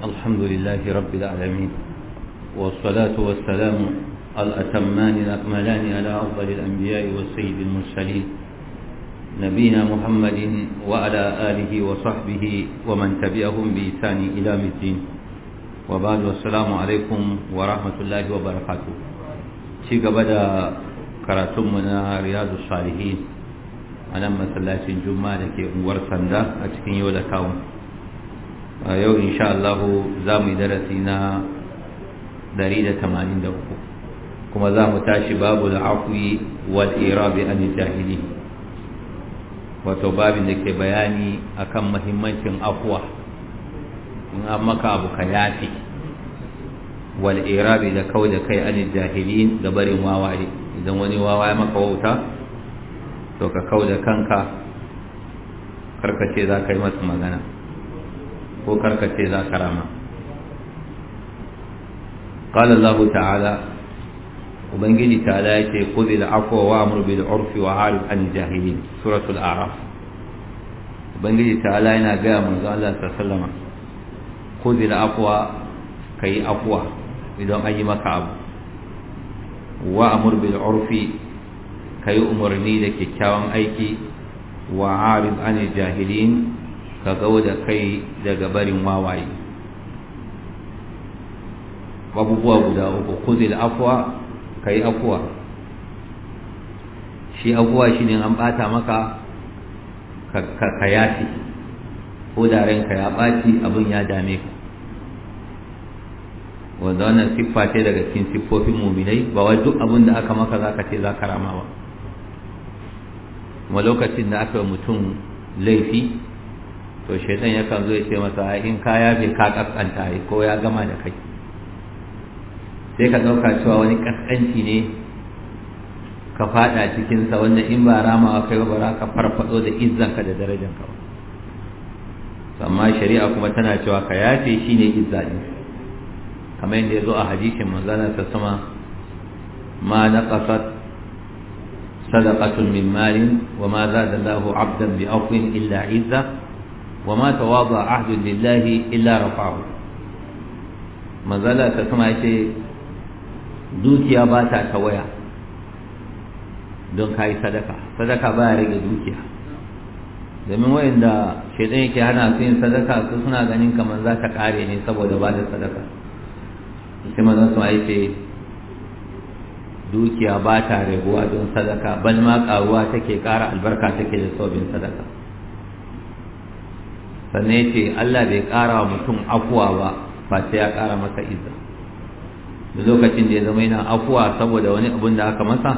الحمد لله رب العالمين والصلاة والسلام الأتمان الأكملان على أفضل الأنبياء والسيد المرسلين نبينا محمد وعلى آله وصحبه ومن تبعهم بإحسان إلى الدين وبعد والسلام عليكم ورحمة الله وبركاته شيء بدأ كراتمنا رياض الصالحين أنا مثلا الجمعة ورسنده أنور سندا أتكين يولا كاون a yau insha Allah za mu yi darasi na 183 kuma za mu tashi babu al'afwi wal irabi an jahili wato babin da ke bayani akan muhimmancin afwa in an maka abu ka yafi wal irabi da kau da kai an jahilin da barin wawaye idan wani wawaye maka wauta to ka kau da kanka karka ce za ka yi masa magana ko karkace za ka rama قال الله تعالى وبنجي تعالى خذ العفو وامر بالعرف وعارف عن الجاهلين سورة الأعراف وبنجي تعالى هنا جاء من الله صلى الله عليه وسلم خذ العفو كي عفو إذا أي مكعب وامر بالعرف كي أمرني لك كاوم أيكي وعارف عن الجاهلين ka gawo da kai daga barin wawaye abubuwa guda uku kuzil afuwa ka yi afuwa shi afuwa shi ne an bata maka ka yafi ko da ranka ya ɓaci abin ya dame ka wanda wannan siffa ce daga cikin siffofin muminai ba wai duk abin da aka maka zaka ce za ka rama ba kuma lokacin da aka mutum laifi to shaitan yakan zo ya ce masa in ka yafe ka kaskanta ko ya gama da kai sai ka ɗauka cewa wani kaskanci ne ka faɗa cikinsa wanda in ba ramawa kai ba bara ka farfaɗo da izzanka da darajanka ba amma shari'a kuma tana cewa ka yafe shi ne izzaɗi kamar yadda ya zo a hadisin manzana ta sama ma na ƙasar صدقة wa maza da lahu abdan bi بعفو illa izza wa ma tawaba ahdun lillahi illa rafa'u ta sama ce dukiya ba ta tawaya don kai sadaka sadaka ba ya rage dukiya domin wayanda shaidan yake hana su yin sadaka su suna ganin kamar za ta kare ne saboda ba da sadaka sai manzon sama ce dukiya ba ta raguwa don sadaka bal ma karuwa take kara albarka take da sobin sadaka sannan ya ce Allah bai ƙara wa mutum afuwa ba ba sai ya ƙara masa izza da lokacin da ya zama yana afuwa saboda wani abun da aka masa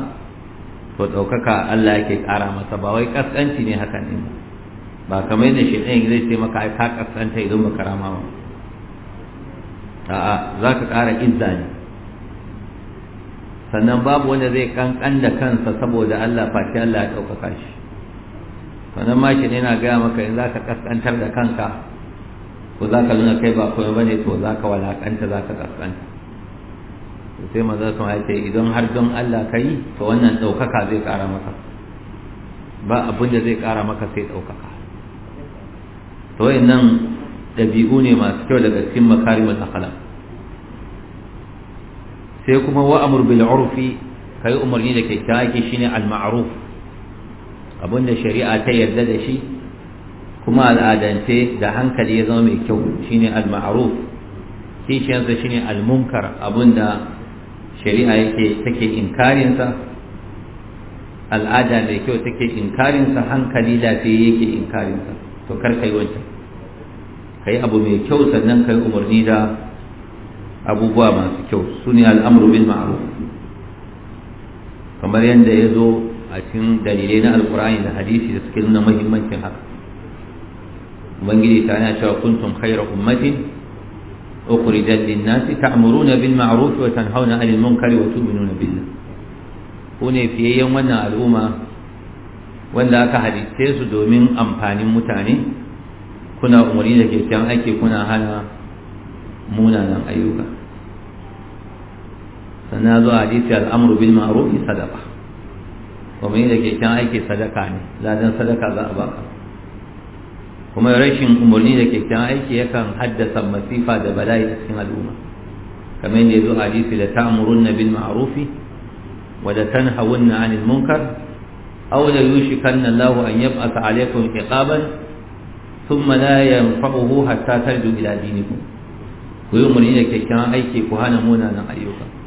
to ɗaukaka Allah yake ƙara masa ba wai ƙasƙanci ne hakan ne ba kamar yadda shi ɗayan zai ce maka ka ƙasƙanta idan ba karama ba a'a za ka ƙara izza ne sannan babu wanda zai ƙanƙan da kansa saboda Allah fati Allah ya ɗaukaka shi wannan ne yana gaya maka in za ka kaskantar da kanka ko za ka nuna kai ba komai ba ne to za ka walakanta za ka kaskanta sai maza sun haife idan har don Allah ka yi to wannan ɗaukaka zai ƙara maka ba abin da zai ƙara maka sai ɗaukaka to nan ɗabi'u ne masu kyau daga cikin makarimul akhlaq sai kuma wa'amur bil urfi kai umarni da kyakkyawa shine al ma'ruf abinda shari'a ta yarda da shi kuma al'adance da hankali ya zama mai kyau shine al-ma'ruf kishiyarsa shine al-munkar abinda shari'a yake take inkarinsa al'ada mai kyau take inkarinsa hankali lafiya yake inkarinsa to kar kai wancan yi abu mai kyau sannan yi umarni da abubuwa masu kyau su ne al'amru bil kamar yadda ya zo a cikin dalilai na alkur'ani da hadisi da suke nuna mahimmancin haka ubangiji ta yana cewa kuntum khayra ummatin ukhrijat lin-nasi ta'muruna bil ma'ruf wa tanhauna 'anil munkari wa tu'minuna billah ku ne fiyayyen wannan al'umma wanda aka hadisce su domin amfanin mutane kuna umarni da kyakkyawan aiki kuna hana munanan ayyuka sannan zuwa hadisi al'amru bil ma'ruf sadaqa kuma yin da kyakkyan aiki sadaka ne ladan sadaka za a baka kuma rashin umarni da keken aiki yakan haddasa masifa da bala'i a cikin al'umma kamar yadda yazo hadisi da ta'murun nabin ma'rufi wa da tanhawun na anil munkar aw la yushikanna Allahu an yab'ata alaykum iqaban thumma la yanfa'uhu hatta tarju ila dinikum ku yi umarni da keken aiki ku hana munanan ayyuka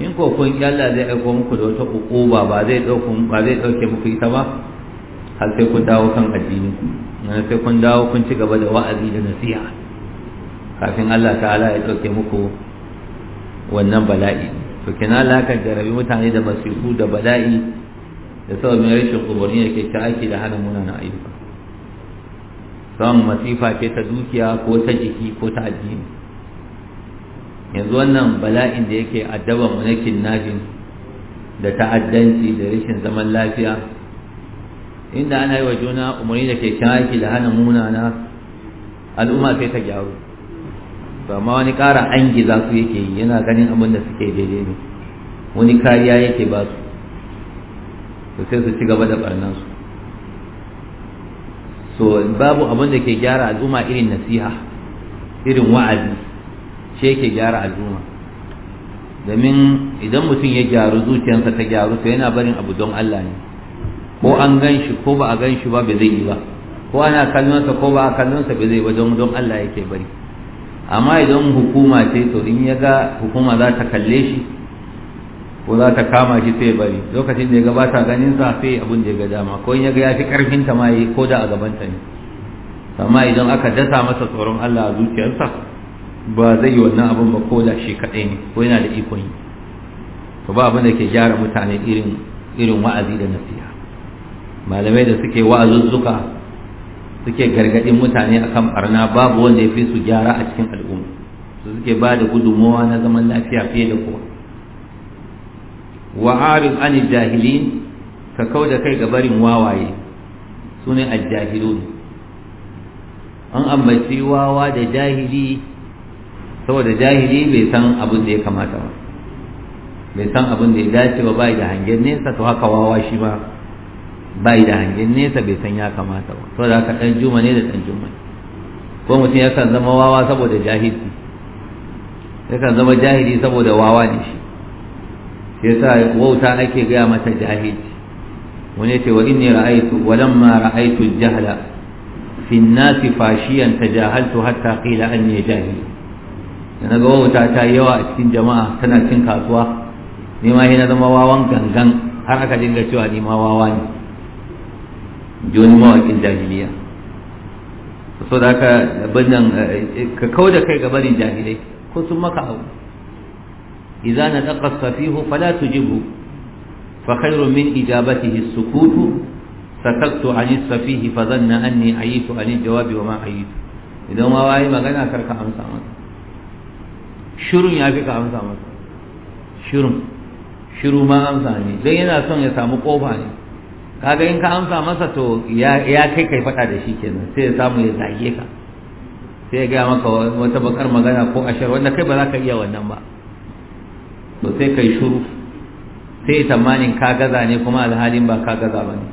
in ko kun Allah zai aiko muku da wata ukuba ba zai dauke ba zai dauke muku ita ba har sai kun dawo kan addini na sai kun dawo kun ci gaba da wa'azi da nasiha kafin Allah ta'ala ya dauke muku wannan bala'i to kina lakar da jarabi mutane da masifu da bala'i da mai rashin kuburin yake ta aiki da hana na ayyuka samun masifa ke ta dukiya ko ta jiki ko ta addini yanzu wannan bala'in da yake addaba mu na da ta'addanci da rashin zaman lafiya inda ana yi wa juna umarni da ke aiki da hana munana al'umma sai ta gyaru Ba ma wani ƙara angi za su yake yi yana ganin abin da suke daidai ne wani kariya yake ba su sai su ci gaba da barnansu so babu abin da ke gyara al'umma irin nasiha irin wa'azi shi yake gyara al'umma domin idan mutum ya gyaru zuciyarsa ta gyaru to yana barin abu don Allah ne ko an gan shi ko ba a gan shi ba bai zai yi ba ko ana kallonsa ko ba a kallonsa bai zai ba don don Allah yake bari amma idan hukuma ce to in ya ga hukuma za ta kalle shi ko za ta kama shi sai bari lokacin da ya gabata ganin sa sai abin da ya ga dama ko in ya ga ya fi karfin ta ma ko da a gaban ta ne amma idan aka dasa masa tsoron Allah a zuciyarsa ba zai yi wannan abin ba ko da shi kaɗai ne ko yana da ikon yi to ba abin da ke gyara mutane irin irin wa'azi da nasiha malamai da suke wa'azuzzuka suke gargaɗin mutane akan barna babu wanda ya fi su gyara a cikin al'umma su suke ba da gudummawa na zaman lafiya fiye da kowa wa'arin an jahilin ka kau da kai ga barin wawaye su ne jahilun an ambaci wawa da jahili saboda jahili bai san abin da ya kamata ba bai san abin da ya dace ba bai da hangen nesa to haka wawa shi ba bai da hangen nesa bai san ya kamata ba saboda haka dan juma ne da dan juma ko mutum yakan zama wawa saboda jahili yakan zama jahili saboda wawa ne shi Sai sa wauta ake gaya mata jahili wani ce wa inni ra'aytu wa lamma ra'aytu al-jahla fi an-nas fashiyan tajahaltu hatta qila anni jahil da na ga wauta ta yi yawa a cikin jama'a tana cin kasuwa ni ma na zama wawan gangan har aka dinga cewa ni ma wawa ne wani mawaƙin jahiliya so da bin nan, eh, eh, ka kau da kai gabanin jahilai ko sun maka abu Idan idza nataqa safihu fala tujibu fa khairun min ijabatihi as-sukutu sakaktu an safihi fa dhanna anni ayitu an jawabi wa ma ayitu idan ma wawaye magana karka amsa masa shirun ya fi ka amsa masa shirun shiru ma amsa ne don yana son ya samu kofa ne kaga in ka amsa masa to ya kai kai faɗa da shi kenan sai ya samu ya zage ka sai ya gaya maka wata bakar magana ko ashar wanda kai ba za ka iya wannan ba to sai kai shuru sai tamanin ka gaza ne kuma alhalin ba ka gaza ba ne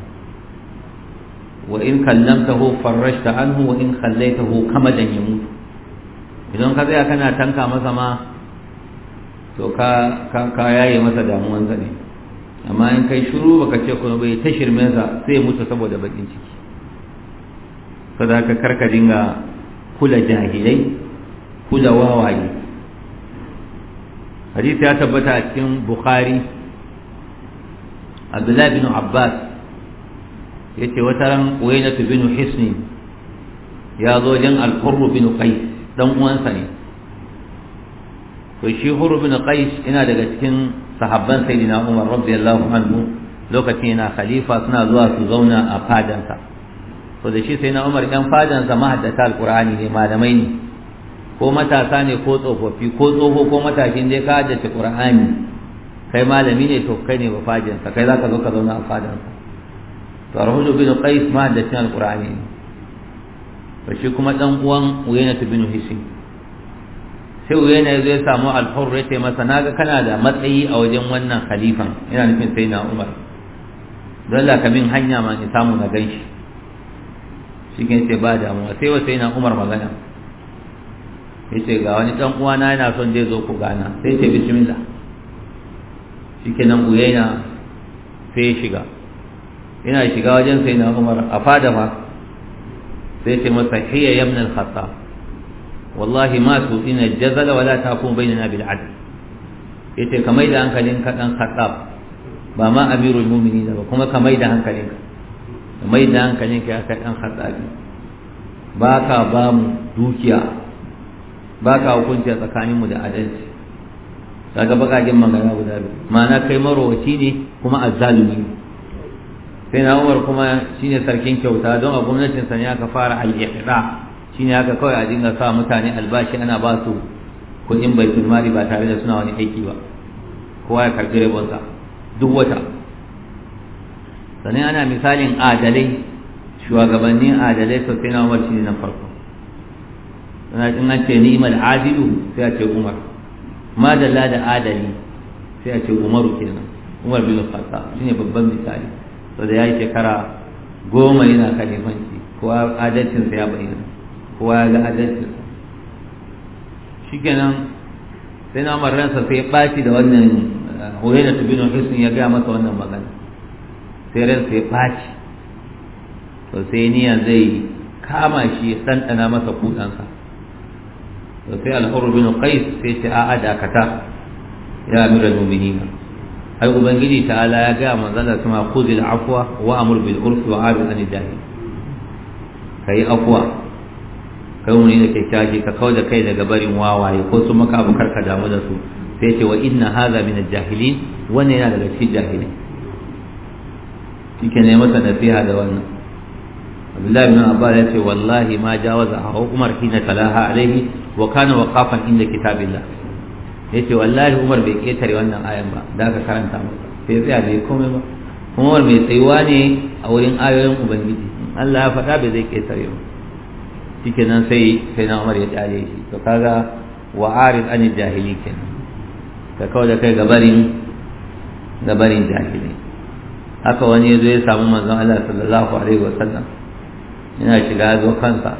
wa in kallamtahu farrashta anhu wa in khallaitahu kamadan yamut idan ka tsaya kana tanka masa ma to ka yaye masa damuwansa ne amma in kai shiru baka ce kuma bai ta shirmensa sai mutu saboda bakin ciki ka karka dinga kula jahilai kula wawaye hadisi ya tabbata a cikin bukhari abdullahi bin abbas yace wataran uwainatu bin hisni ya zo jan alqurru bin qais dan uwansa ne to shi huru bin qais ina daga cikin sahabban sayyidina umar radiyallahu anhu lokacin yana khalifa suna zuwa su zauna a fadansa to da shi sayyidina umar dan fadansa mahaddata alqur'ani ne malamai ne ko matasa ne ko tsofaffi ko tsoho ko matashin dai ka haddace qur'ani kai malami ne to kai ne ba fadansa kai zaka zo ka zauna a fadansa to rahudu bin qais mahaddacin alqur'ani ne to shi kuma dan uwan Uyayna bin Hisn sai Uyayna zai ya samu al-Hurr ya ce masa na naga kana da matsayi a wajen wannan khalifan yana nufin sai na Umar don Allah min hanya ma in samu na ganshi shi ke ce ba damuwa sai wa sai na Umar magana ya ce ga wani dan uwana yana son zai zo ku gana sai ce bismillah shikenan Uyayna sai ya shiga yana shiga wajen sai na Umar a fada ma sai ce masa hiya yamnan ibn wallahi ma su ina jazala wala takum bainana bil adl yace ka maida hankalin ka dan khattab ba ma amirul mu'minin ba kuma ka maida hankalin ka maida hankalin ka ka dan khattab ba ka ba mu dukiya ba ka hukunci tsakanin mu da adalci kaga bakakin magana guda biyu ma'ana kai marowaci ne kuma azzalumi ne sai na umar kuma shine sarkin kyauta don a gwamnatin sa ne aka fara al-ihda shine haka kawai a dinga sa mutane albashi ana ba su kuɗin baitul mali ba tare da suna wani aiki ba kowa ya karɓi rabonsa duk wata sannan ana misalin adalai shugabannin adalai sosai na umar shine na farko sana in an ce ni'mal adilu sai a ce umar ma dalla da adali sai a ce umaru kenan umar bin khattab shine babban misali so da ya yi shekara goma yana kalifanci kowa adalcinsa ya bayyana kowa ya ga adalcinsa shi kenan sai na umar ransa sai ya ɓaci da wannan hore uh, da tubinu hisn ya gaya masa wannan magana sai ransa ya ɓaci to sai niyan zai kama shi ya ɗanɗana masa kuɗansa, to sai alhuru bin qais sai ce a'a dakata ya amira mu'minina ai ubangiji ta'ala ya ga manzala kuma khudil afwa wa amur bil urfi wa abid anil jahil kai afwa kai mun ne ke kaji ka kauda kai daga barin wawaye ko su maka abu karka damu da su sai ce wa inna hadha min al jahilin wannan yana daga cikin jahilai shike ne masa nasiha da wannan Abdullahi bin Abbas ya ce wallahi ma jawaza Umar hina talaha alaihi wa kana waqafan inda kitabillah yace wallahi Umar bai ketare wannan ayan ba da ka karanta masa sai tsaya bai komai ba Umar mai tsayuwa ne a wurin ayoyin ubangiji Allah ya faɗa bai zai ketare ba cikin nan sai sai na Umar ya tsare shi to kaga wa arid an jahili kenan ka kawo da kai gabarin gabarin jahili haka wani ya zo ya samu manzon Allah sallallahu alaihi wasallam yana shiga zo kansa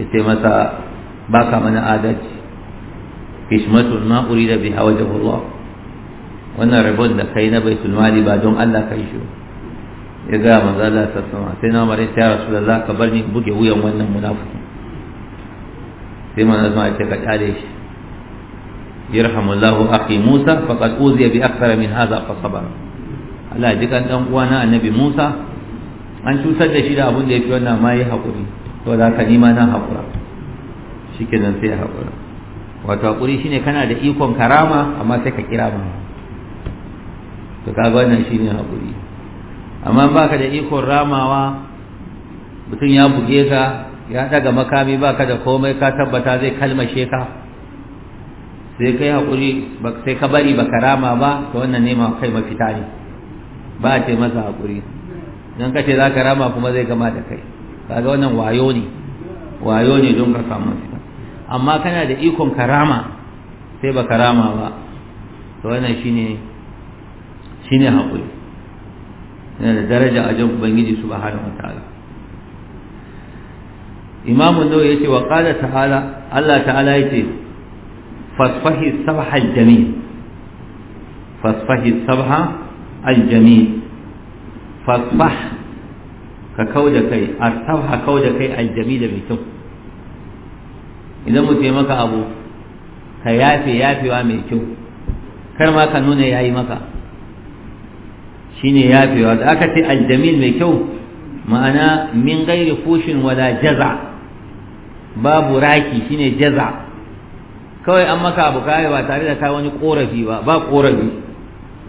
ya ce masa baka mana adalci hishmatun ma urida biha wajhullah wannan rabon da kai na bai mali ba don Allah kai shi ya ga manzo Allah sallallahu alaihi wasallam sai na mare ta rasulullah ka bar ni buge wuyan wannan munafiki sai manzo Allah ya ka kare shi yarhamullahu akhi Musa faqad uziya bi akthara min hadha fa sabara Allah ji kan dan uwana annabi Musa an cutar da shi da abin da fi wannan ma yi hakuri to da ka nima na hakura shikenan sai ya hakura wato hakuri shine kana da ikon karama amma sai ka kira ma to kaga wannan shine hakuri amma baka da ikon ramawa mutum ya buge ka ya daga makami baka da komai ka tabbata zai kalmashe ka sai kai hakuri sai ka bari baka rama ba to wannan ne ma kai mafita ne ba ce masa hakuri dan kace ka rama kuma zai gama da kai kaga wannan wayo ne wayo ne don ka samu amma kana da ikon karama sai ba karama ba to wannan shine shine haƙuri yana da daraja a jan ubangiji subhanahu wataala imam an-nawawi yace wa qala ta'ala Allah ta'ala yace fasfahi sabha al-jamil fasfahi sabha al-jamil fasfah ka kauda kai asfah kauda kai al-jamil mai kyau idan mutum ya maka abu ka yafe yafewa mai kyau kar ma ka nuna yayi maka shine yafewa da aka ce aljamil mai kyau ma'ana min gairi fushin wala jaza babu raki shine jaza kawai an maka abu kai ba tare da kai wani korafi ba ba korafi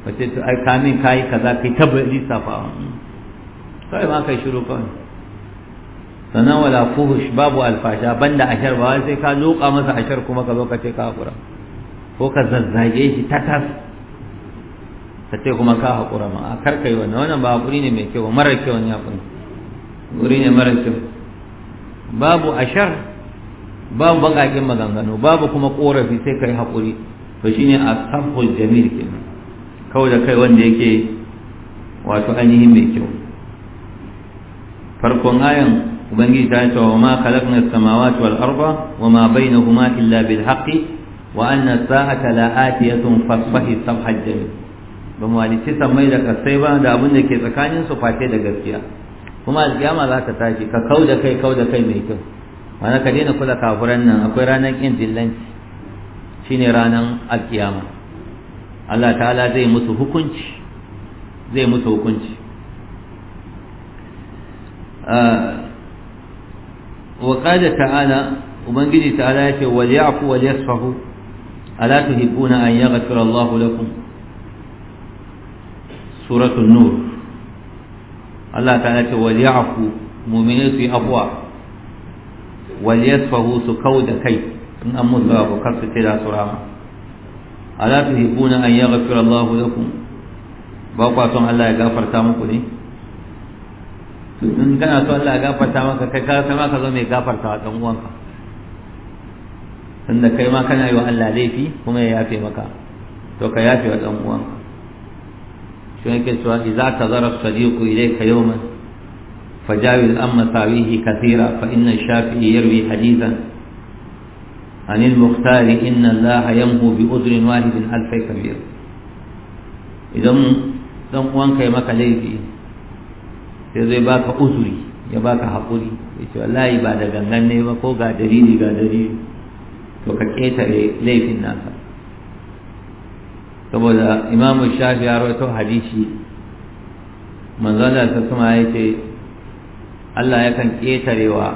wace to ai kamin kai kaza kai tabbali safawa kawai ma kai shiru kawai sannan wala fuhush babu alfasha banda ashar ba sai ka loka masa ashar kuma ka zo ka ce ka hakura ko ka zazzage shi tatas ka ce kuma ka hakura ma a karka yi wannan wannan ba hakuri ne mai kyau mara kyau ne hakuri guri ne mara kyau babu ashar babu bakakin maganganu babu kuma korafi sai ka yi hakuri to shine asabul jamil kenan kawai da kai wanda yake wato ainihin mai kyau farkon ayan ubangiji ta ce wa ma khalaqna as-samawati wal arda wa ma bainahuma illa bil haqqi wa anna as-sa'ata la atiyatun fasfahi jamil ba mu san mai da kasai ba da abin da ke tsakanin su face da gaskiya kuma alkiyama za ta tashi ka kau da kai kau da kai mai kyau ma'ana ka daina kula kafuran nan akwai ranar kin dillanci shine ranar alkiyama Allah ta'ala zai musu hukunci zai musu hukunci ah, wa da ta'ala ubangiji ta'ala yace wal ya'fu wal yasfahu ala tuhibbuna an yaghfira Allah lakum suratul nur Allah ta'ala ce wal ya'fu mu'minu fi afwa wal yasfahu su kauda kai in an musu abu kar su tira su rama ala an ba kwa son Allah ya gafarta muku ne to in kana so Allah ya gafarta maka kai ka kai ma ka zo mai gafarta wa dan uwanka tunda kai ma kana yi wa Allah laifi kuma ya yafe maka to ka yafe wa dan uwanka shi yake cewa idza tazara sadiqu ilayka yawman فجاوز عن مساويه كثيرا فإن الشافعي يروي حديثا inna المختار yamhu bi udrin wahidin al ألف كبير idan dan uwanka ya maka laifi sai zai baka uzuri ya baka haƙuri ya ce wallahi ba da gangan ne ba ko ga dalili ga dalili to ka ƙetare laifin nasa saboda imam shafi ya rawaito hadisi manzon da ta kuma ya ce Allah yakan ƙetarewa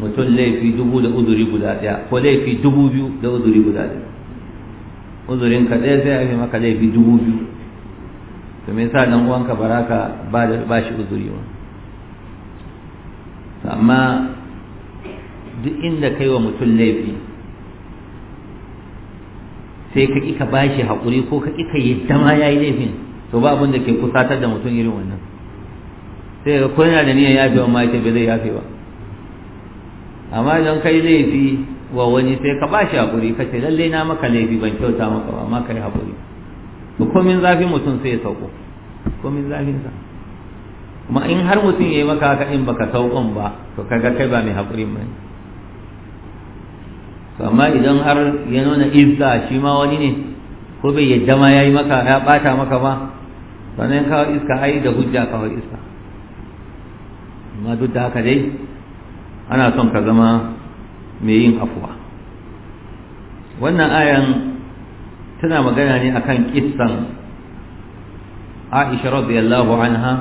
mutum laifi dubu da uzuri guda ɗaya ko laifi dubu biyu da uzuri guda ɗaya uzurin ka ɗaya sai ya fi maka laifi dubu biyu to me yasa dan uwanka baraka ba ba shi uzuri ba amma duk inda kai wa mutum laifi sai ka ƙi ka bashi haƙuri ko ka ƙi ka yi ma ya yi laifin to ba abin da ke kusatar da mutum irin wannan sai ka ko yana da niyan yafe wa ma bai zai yafe ba amma idan kai laifi wa wani sai ka bashi hakuri ka ce lallai na maka laifi ban kyauta maka ba amma ka yi haƙuri to zafi zafin mutum sai ya sauko Ko zahir zafinsa kuma in har mutum ya yi maka haka in baka sauƙon ba to kaga kai ba mai hakuri ba ne idan har ya nuna izza shi ma wani ne ko bai yadda ma ya yi maka ya ɓata maka ba sannan kawo iska ai da hujja kawo iska amma duk da haka dai ana son ka zama mai yin afuwa wannan ayan tana magana ne akan kissan aisha radiyallahu anha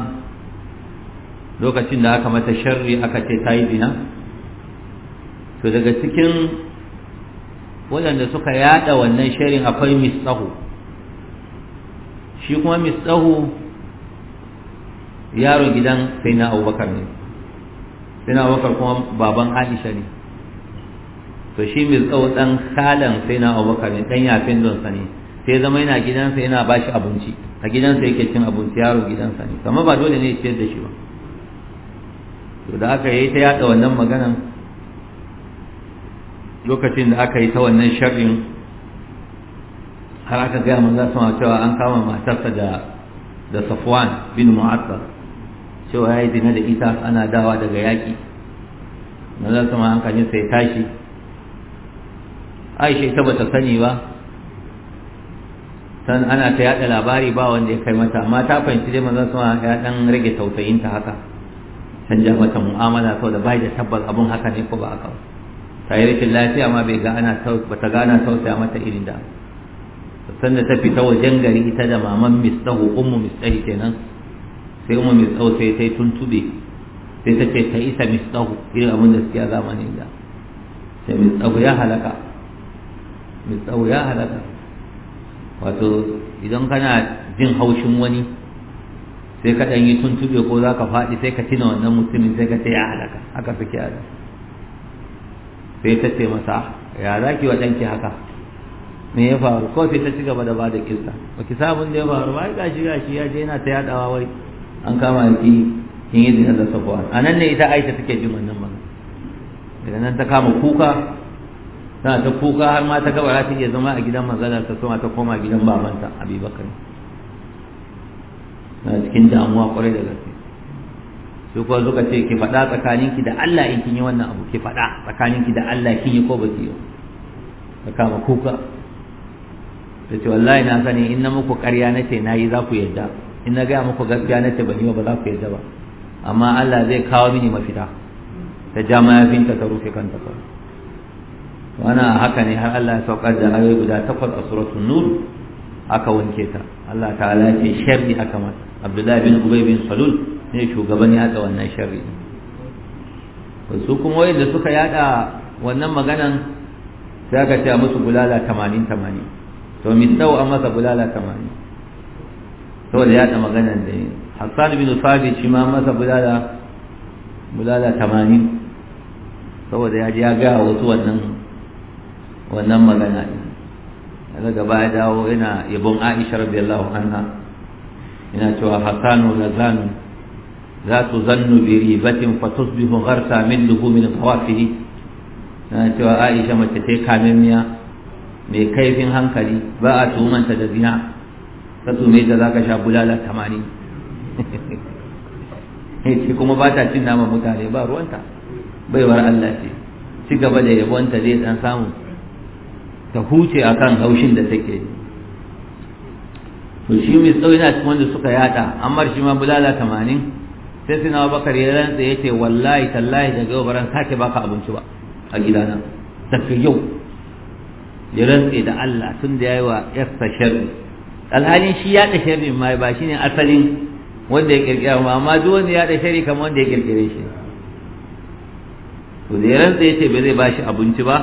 lokacin da aka mata sharri aka ce ta yi zina to daga cikin waɗanda suka yada wannan shirin akwai mistahu shi kuma mistahu yaro gidan sai na abubakar ne sai na abubakar kuma baban aisha ne to shi mistahu ɗan kalan sai na abubakar ne ɗan yafin don ne sai zama yana gidansa yana ba shi abinci a gidansa yake cin abinci yaro gidansa ne kama ba dole ne ya ciyar da shi ba to da aka yi ta yada wannan maganan lokacin da aka yi ta wannan sharrin har aka gaya maza sama cewa an kama matarsa da da Safwan bin Mu'attar cewa ya yi dina da ita ana dawa daga yaki maza sama an kanye sai tashi Aisha ita ta sani ba san ana ta yada labari ba wanda ya kai mata amma ta fahimci dai manzon sama ya dan rage tausayin ta haka canja mata mu'amala sau da bai da tabbas abun haka ne ko ba haka ta yi rashin lafiya ma bai ga ana bata ga ana tausaya mata irin da san da ta fita wajen gari ita da maman mistahu ummu mistahi kenan sai ummu mistahu sai ta yi tuntube sai ta ce ta isa mistahu irin abin da suke a zamanin da sai mistahu ya halaka mistahu ya halaka wato idan kana jin haushin wani sai ka ɗan yi tuntuɓe ko za ka faɗi sai ka tina wannan mutumin sai ka ce ya halaka haka fi halaka sai ta ce masa ya za ki wa ɗanki haka me ya faru ko sai ta ci gaba da bada kisa ba ki sabon da ya faru ba ga shi gashi ya je yana ta yaɗawa wai an kama ki kin yi zinar da sabuwa a nan ne ita aisha take jin wannan magana daga nan ta kama kuka tana ta kuka har ma ta gaba ta iya zama a gidan manzala ta suna ta koma gidan babanta abubakar na cikin damuwa kwarai da gaske su kuwa suka ce ki faɗa tsakaninki da Allah in kin yi wannan abu ki faɗa tsakaninki da Allah kin yi ko ba ki yi ta kama kuka ta ce wallahi na sani in na muku ƙarya na ce na yi za ku yadda in na gaya muku gaskiya na ce ban yi ba za ku yadda ba amma Allah zai kawo mini mafita ta ja mayafinta ta rufe kanta kawai wana haka ne har Allah ya saukar da ayoyi guda takwas a suratul nur aka wanke ta Allah ta'ala ya ce sharri aka mata Abdullahi bin Ubay bin Salul ne shugaban yada wannan sharri su kuma da suka yada wannan maganan sai aka ce musu bulala 80 80 to sau an masa bulala 80 saboda yada maganan da Hassan bin Sabit shi ma masa bulala bulala 80 saboda ya ji ya ga wasu wannan wannan magana daga gaba ya dawo ina yabon Aisha radiyallahu anha ina cewa hasanu Zanu za su zannu bi ribatin fa tusbihu gharsa min luhumin tawafihi Ina cewa Aisha mace ce miya mai kaifin hankali ba a tumanta da zina ta tume ta ka sha bulala tamanin ce kuma ba ta cin nama mutane ba ruwanta baiwar Allah ce ci gaba da yabonta zai dan samu ta huce a kan haushin da take to shi mai tsawo yana cikin wanda suka yada amma shi ma bulala tamanin sai sai na bakar ya rantsa ya ce wallahi tallahi daga yau baran sake baka abinci ba a gidana daga yau ya rantsa da Allah tun da yayi wa yarsa sharri alhalin shi ya da sharri mai ba shine asalin wanda ya kirkira ma amma duk wanda ya da sharri kamar wanda ya kirkire shi to da ya rantsa ya ce ba zai bashi abinci ba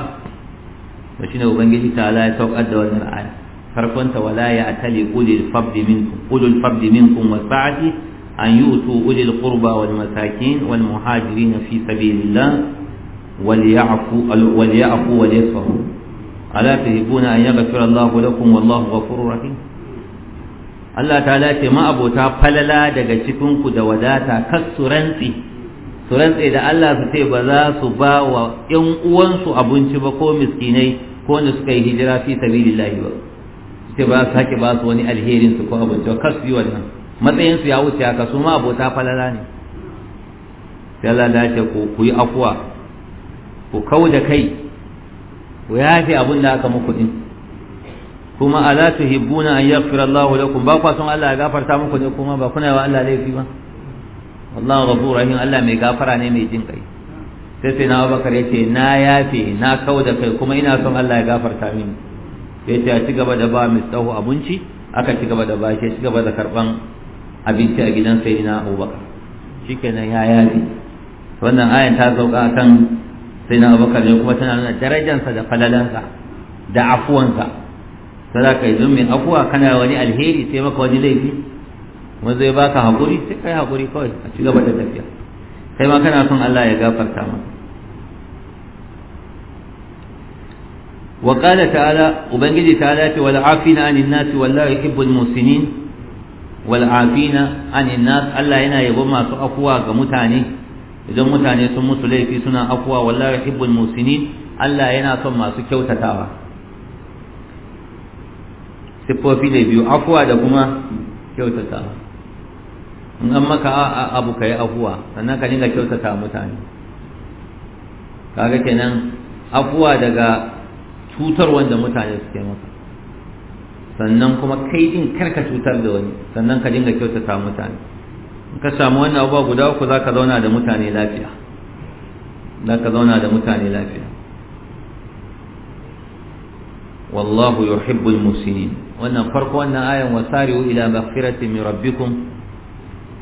to shine ubangiji ta'ala ya saukar da wannan aya farkon ta wala ya atali ulil fadli minkum ulul fadli minkum wasa'ati an yutu ulil qurba wal masakin wal muhajirin fi sabilillah وليعفوا وليعفوا وليصفحوا ألا تحبون أن يغفر الله لكم والله غفور رحيم Allah ta ce ma abota falala daga cikin ku da wadata kasu rantsi su rantse da Allah su ce ba za su ba wa ƴan uwansu abinci ba ko miskinai ko wanda suka yi hijira fi lahi ba ce ba su sake ba su wani alherin su ko abinci kar su yi wannan matsayin su ya wuce haka su ma abota falala ne sai Allah ya ce ku ku yi afuwa ku kau da kai ku yafe abin da aka muku din kuma ala tuhibbuna an yaghfira Allahu lakum ba kwa son Allah ya gafarta muku ne kuma ba kuna yi wa Allah laifi ba Allah ghafur rahim Allah mai gafara ne mai jin kai sai sai na Abubakar ce na yafe na kauda kai kuma ina son Allah ya gafarta mini ce a cigaba da ba tsawo abinci aka cigaba da ba shi cigaba da karban abinci a gidan sai na Abubakar shikenan ya yafe wannan ayan ta sauka kan sai na Abubakar ne kuma tana nuna darajansa da falalansa da afuwansa sadaka yi zumin afuwa kana wani alheri sai maka wani laifi wanda zai baka hakuri sai kai hakuri kawai a ci gaba da tafiya kai ma kana son Allah ya gafarta ma wa qala ta'ala ubangiji ta'ala ce wal afina anin nas wallahi yuhibbul musinin wal afina anin nas Allah yana yabo masu afuwa ga mutane idan mutane sun musu laifi suna afuwa wallahi yuhibbul musinin Allah yana son masu kyautatawa Sifofi ne biyu afuwa da kuma kyautatawa in an maka abu ka yi afuwa sannan ka dinga kyautata mutane kaga kenan afuwa daga cutar wanda mutane suke maka sannan kuma kai din karka cutar da wani sannan ka dinga kyautata mutane in ka samu wannan abuwa guda uku za ka zauna da mutane lafiya za ka zauna da mutane lafiya wallahu yuhibbul musinin wannan farko wannan ayan wasari'u ila maghfiratin min rabbikum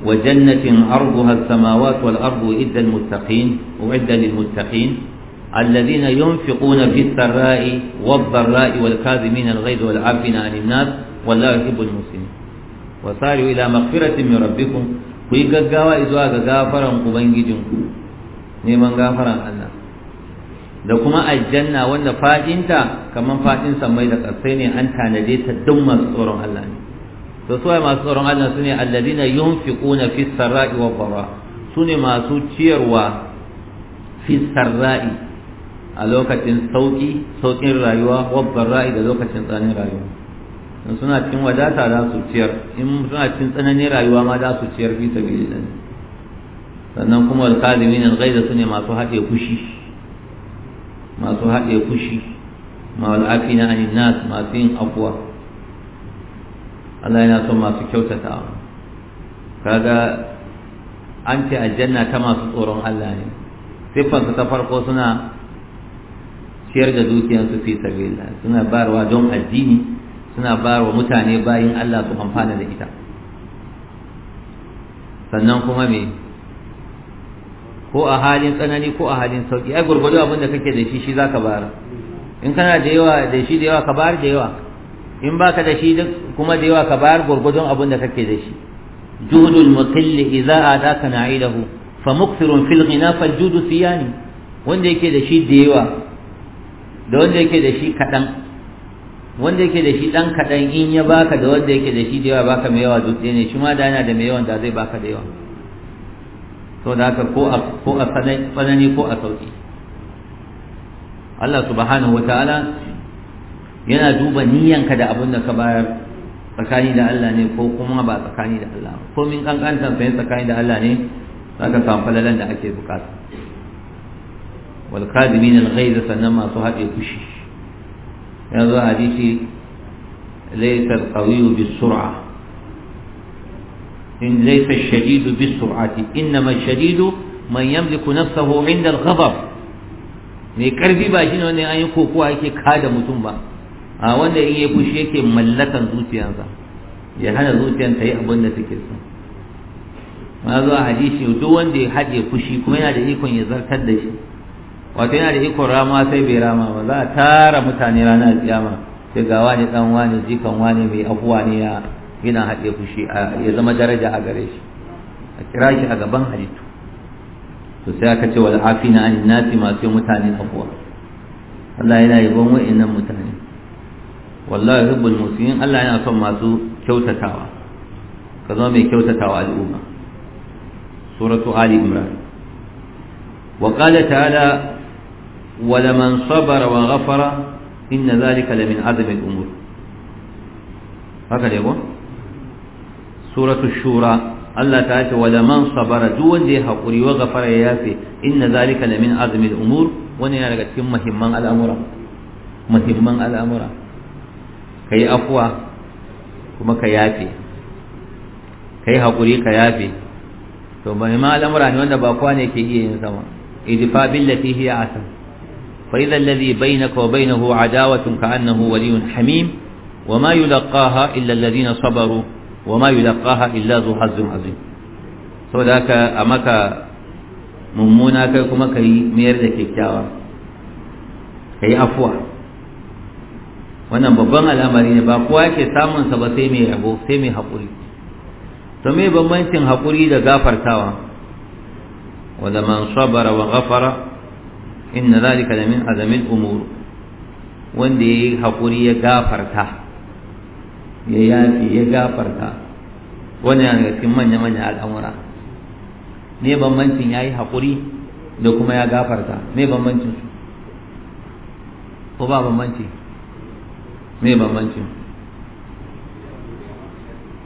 وجنة عرضها السماوات والأرض إذا المتقين وعدا للمتقين الذين ينفقون في السراء والضراء والكاظمين الغيظ والعافين عن الناس والله يحب المسلمين وصاروا إلى مغفرة من ربكم kuyi gaggawa izuwa ga gafaran ubangijinku neman gafaran Allah da kuma aljanna wanda fadinta kaman fadin sammai da ƙasai ne an tanade ta duk tsoron Allah ne to suwaye masu tsoron Allah ne alladina yunfiquna fi sarra'i wa dharra ne masu ciyarwa fi sarra'i a lokacin sauki saukin rayuwa wa dharra'i da lokacin tsanin rayuwa in suna cin wadata za su ciyar in suna cin tsananin rayuwa ma za su ciyar fi sabilillah sannan kuma al-kalimi alqadimin su ne masu haɗe fushi masu haɗe fushi ma al'afina anin nas masu yin afwa Allah yana son masu kyautatawa kaga an ce aljanna ta masu tsoron Allah ne siffarsu ta farko suna ciyar da dukiyarsu fi sabilillah suna bayarwa don addini suna bayarwa mutane bayin Allah su amfana da ita sannan kuma me ko a halin tsanani ko a halin sauki ai gurgudu abin da kake da shi shi zaka bayar in kana da yawa da shi da yawa ka bayar da yawa in baka da shi duk kuma da yawa ka bayar gurgudun abin da kake da shi juhudul mutilli idza ataka na'idahu fa mukthirun fil ghina fal judu siyani wanda yake da shi da yawa da wanda yake da shi kadan wanda yake da shi dan kadan in ya baka da wanda yake da shi da yawa baka mai yawa dutse ne shi ma da yana da mai yawan da zai baka da yawa to da ka ko a ko a tsanani ko a sauki Allah subhanahu ta'ala. yana duba niyyanka da abin da ka bayar tsakani da Allah ne ko kuma ba tsakani da Allah ko min kankantan sai tsakani da Allah ne za ka samu falalan da ake bukata wal kadimin al ghaiz sannan masu haɗe kushi yanzu hadisi laysa al qawiy bis sur'ah إن ليس الشديد بالسرعة إنما man من يملك نفسه عند الغضب mai karfi ba shine wanda an yi kokowa yake kada mutum ba a wanda in yi fushi yake mallakan zuciyarsa ya hana zuciyar ta yi abin da take so ma zuwa hadisi duk wanda ya haɗe fushi kuma yana da ikon ya zartar da shi wato yana da ikon rama sai bai rama ba za a tara mutane ranar kiyama sai ga wani dan wani jikan wani mai afuwa ne ya yana haɗe fushi ya zama daraja a gare shi a kira shi a gaban halittu to sai aka ce wal afina an nasi masu mutane afuwa Allah yana yabon wa'annan mutane wallahi yuhibbul muslimin Allah yana son masu kyautatawa ka zama mai kyautatawa al'umma suratu ali imran wa qala ta'ala wa laman sabara wa ghafara inna zalika lamin azmi al-umur haka ne ko suratu shura Allah ta ce wa laman sabara duk wanda ya hakuri wa ghafara ya yafe inna zalika lamin azmi al-umur wannan yana daga cikin muhimman al'amura muhimman al'amura ka yi afuwa kuma ka yafe ka yi haƙuri ka yafe to ma al'amura ne wanda ba kowa ne ke iya yin sama idfa billati hiya asan fa idha alladhi bainaka wa bainahu adawatun ka annahu waliyun hamim wa ma yulqaha illa alladhina sabaru wa ma yulqaha illa zu hazzin azim saboda haka a maka mummuna kai kuma kai mayar da kyakkyawa kai afuwa wannan babban al'amari ne ba kowa yake samun sa ba sai mai yabo sai mai haƙuri to me bambancin haƙuri da gafartawa da man sabara wa ghafara inna zalika la min azamil umur wanda yayi haƙuri ya gafarta ya yafi ya gafarta wannan yana cikin manya manya al'amura ne bambancin yayi haƙuri da kuma ya gafarta me bambancin su ko ba bambanci me bambanci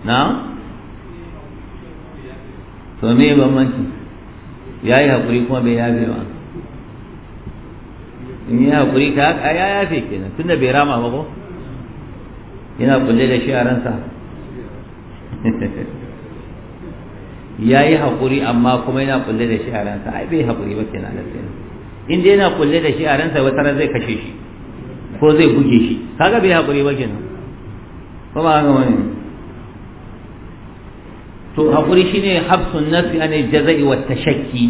na to me bambanci ya yi haƙuri kuma bai yafe ba in yi haƙuri ta haka ya yafe kenan tunda bai rama ba ko yana kulle da shi a ransa ya yi haƙuri amma kuma yana kulle da shi a ransa ai bai haƙuri ba kenan da in dai yana kulle da shi a ransa wata ran zai kashe shi ko zai buge shi kaga bai haƙuri ba kenan ko ba haka wani to hakuri shine habsun nafsi an jaza'i wa tashakki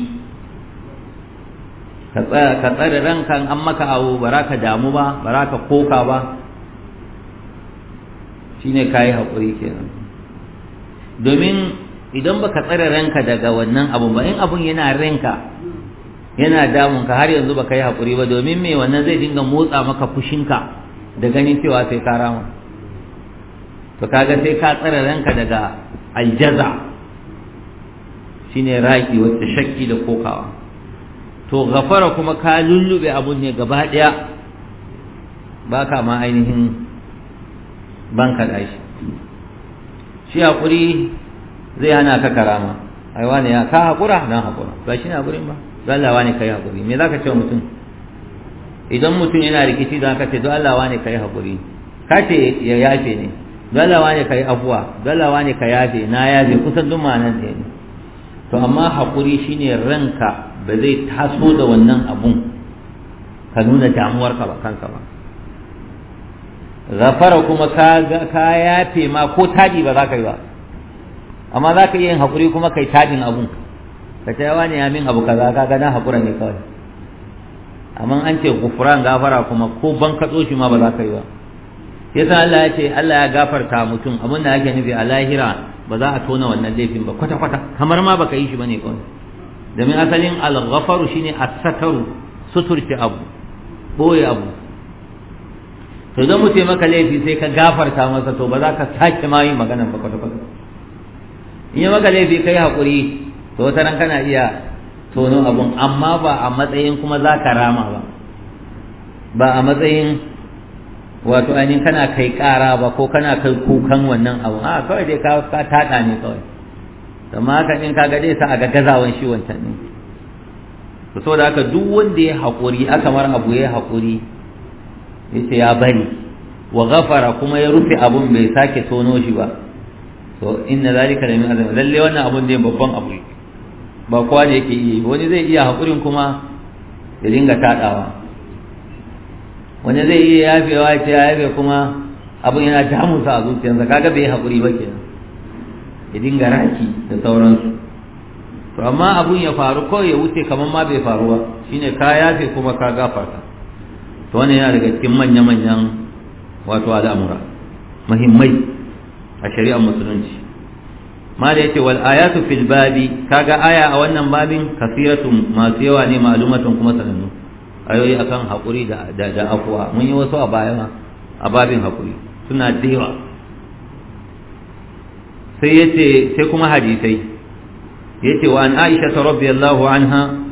ka tsare ranka an maka abu ba za ka damu ba ba za ka koka ba shine yi haƙuri kenan domin idan baka tsare ranka daga wannan abun ba in abun yana ranka yana damun ka har yanzu baka yi hakuri ba domin me wannan zai dinga motsa maka fushinka da ganin cewa sai ka rama to kaga sai ka tsare ranka daga aljaza shine raki wata shakki da kokawa to ghafara kuma ka lullube abun ne gaba daya baka ma ainihin banka da shi shi hakuri zai hana ka karama aiwa ne ya ka hakura na hakura ba shi ne hakurin ba Allah wani kai hakuri me zaka ce mutum idan mutum yana rikici da ka ce don Allah wani kai hakuri ka ce ya yafe ne don Allah wani kai afuwa don Allah wani ka yafe na yafe kusan duk ma'anar ɗaya ne to amma hakuri shine ranka ba zai taso da wannan abun ka nuna ka ba kanka ba gafara kuma ka yafe ma ko taɗi ba za ka yi ba amma za ka iya yin hakuri kuma kai taɗin abun ka ce wani ya min abu kaza ka gana hakura ne kawai amma an ce gufran gafara kuma ko ban katso shi ma ba za ka yi ba yasa Allah ya ce Allah ya gafarta mutum abin da ake nufi a lahira ba za a tona wannan laifin ba kwata kwata kamar ma baka yi shi bane kawai domin asalin al-ghafaru shine as-sataru suturti abu boye abu to idan mutum maka laifi sai ka gafarta masa to ba za ka sake ma yi magana ba kwata kwata in ya maka laifi kai hakuri to wata ran kana iya tono abun amma ba a matsayin kuma za ka rama ba ba a matsayin wato ainihin kana kai kara ba ko kana kai kukan wannan abun? a kawai dai ka taɗa ne kawai amma ka in ga dai sa a ga gazawan shi wancan ne to saboda haka duk wanda ya haƙuri aka mar abu ya haƙuri yace ya bari wa ghafara kuma ya rufe abun bai sake tono shi ba to inna zalika lamin min azam lalle wannan abun ne babban abu ne. ba kowa da yake iya wani zai iya haƙurin kuma ya dinga taɗawa wani zai iya yafewa ce ya yafe kuma abin yana damunsa a zuciyarsa kaga bai haƙuri ba kenan ya dinga raki da sauransu to amma abin ya faru ko ya wuce kamar ma bai faru ba shine ka yafe kuma ka gafarta to wannan yana daga cikin manya-manyan wato al'amura muhimmai a shari'ar musulunci ma da yace wal ayatu fil babi kaga aya a wannan babin kasiratun masu yawa ne ma'lumatun kuma sanannu ayoyi akan hakuri da da da akwa mun yi wasu a baya ma a babin hakuri suna dira sai yace sai kuma hadisai yace wa an aisha radhiyallahu anha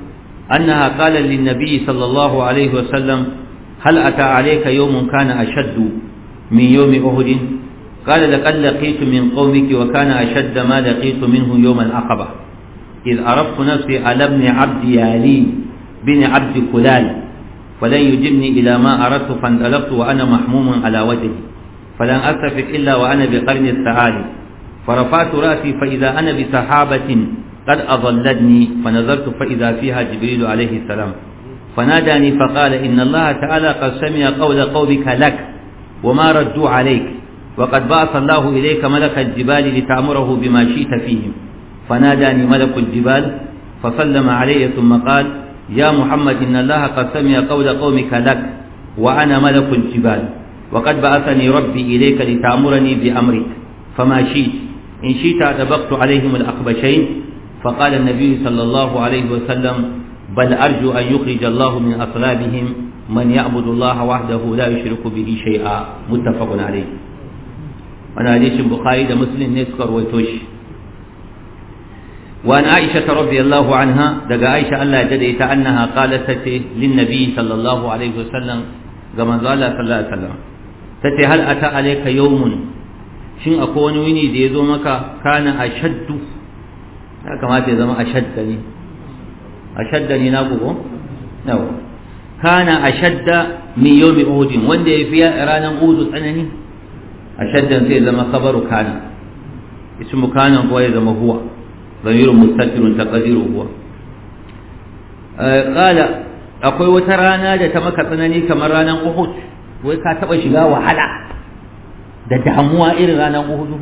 annaha qala lin nabiy sallallahu alaihi wasallam hal ata alayka yawmun kana ashaddu min yawmi uhud قال لقد لقيت من قومك وكان أشد ما لقيت منه يوم العقبة إذ أردت نفسي على ابن عبد يالي بن عبد كلال فلن يجبني إلى ما أردت فانطلقت وأنا محموم على وجهي فلن أستفق إلا وأنا بقرن السعادة فرفعت رأسي فإذا أنا بسحابة قد أضلتني فنظرت فإذا فيها جبريل عليه السلام فناداني فقال إن الله تعالى قد سمع قول قومك لك وما ردوا عليك وقد بعث الله إليك ملك الجبال لتأمره بما شئت فيهم فناداني ملك الجبال فسلم علي ثم قال يا محمد إن الله قد سمع قول قومك لك وأنا ملك الجبال وقد بعثني ربي إليك لتأمرني بأمرك فما شئت إن شئت اتبقت عليهم الأقبشين فقال النبي صلى الله عليه وسلم بل أرجو أن يخرج الله من أصلابهم من يعبد الله وحده لا يشرك به شيئا متفق عليه wani hadisin bukhari da muslim ne suka rawaito shi وعن عائشة رضي الله عنها دقى عائشة ألا جدئت أنها قالت للنبي صلى الله عليه وسلم كما قال صلى الله عليه وسلم تتي هل أتى عليك يوم شن أكون ويني دي مكا كان أشد كما تزم أشدني أشدني نابو نو كان أشد من يوم أود وندي في رانا أود أنني a shaddan sai zama khabaru kana ismu kana kuwa ya zama huwa ضمير مستتر تقديره هو قال akwai wata rana da ta maka tsanani kamar ranar Uhud wai ka taba shiga wahala da damuwa irin ranar Uhud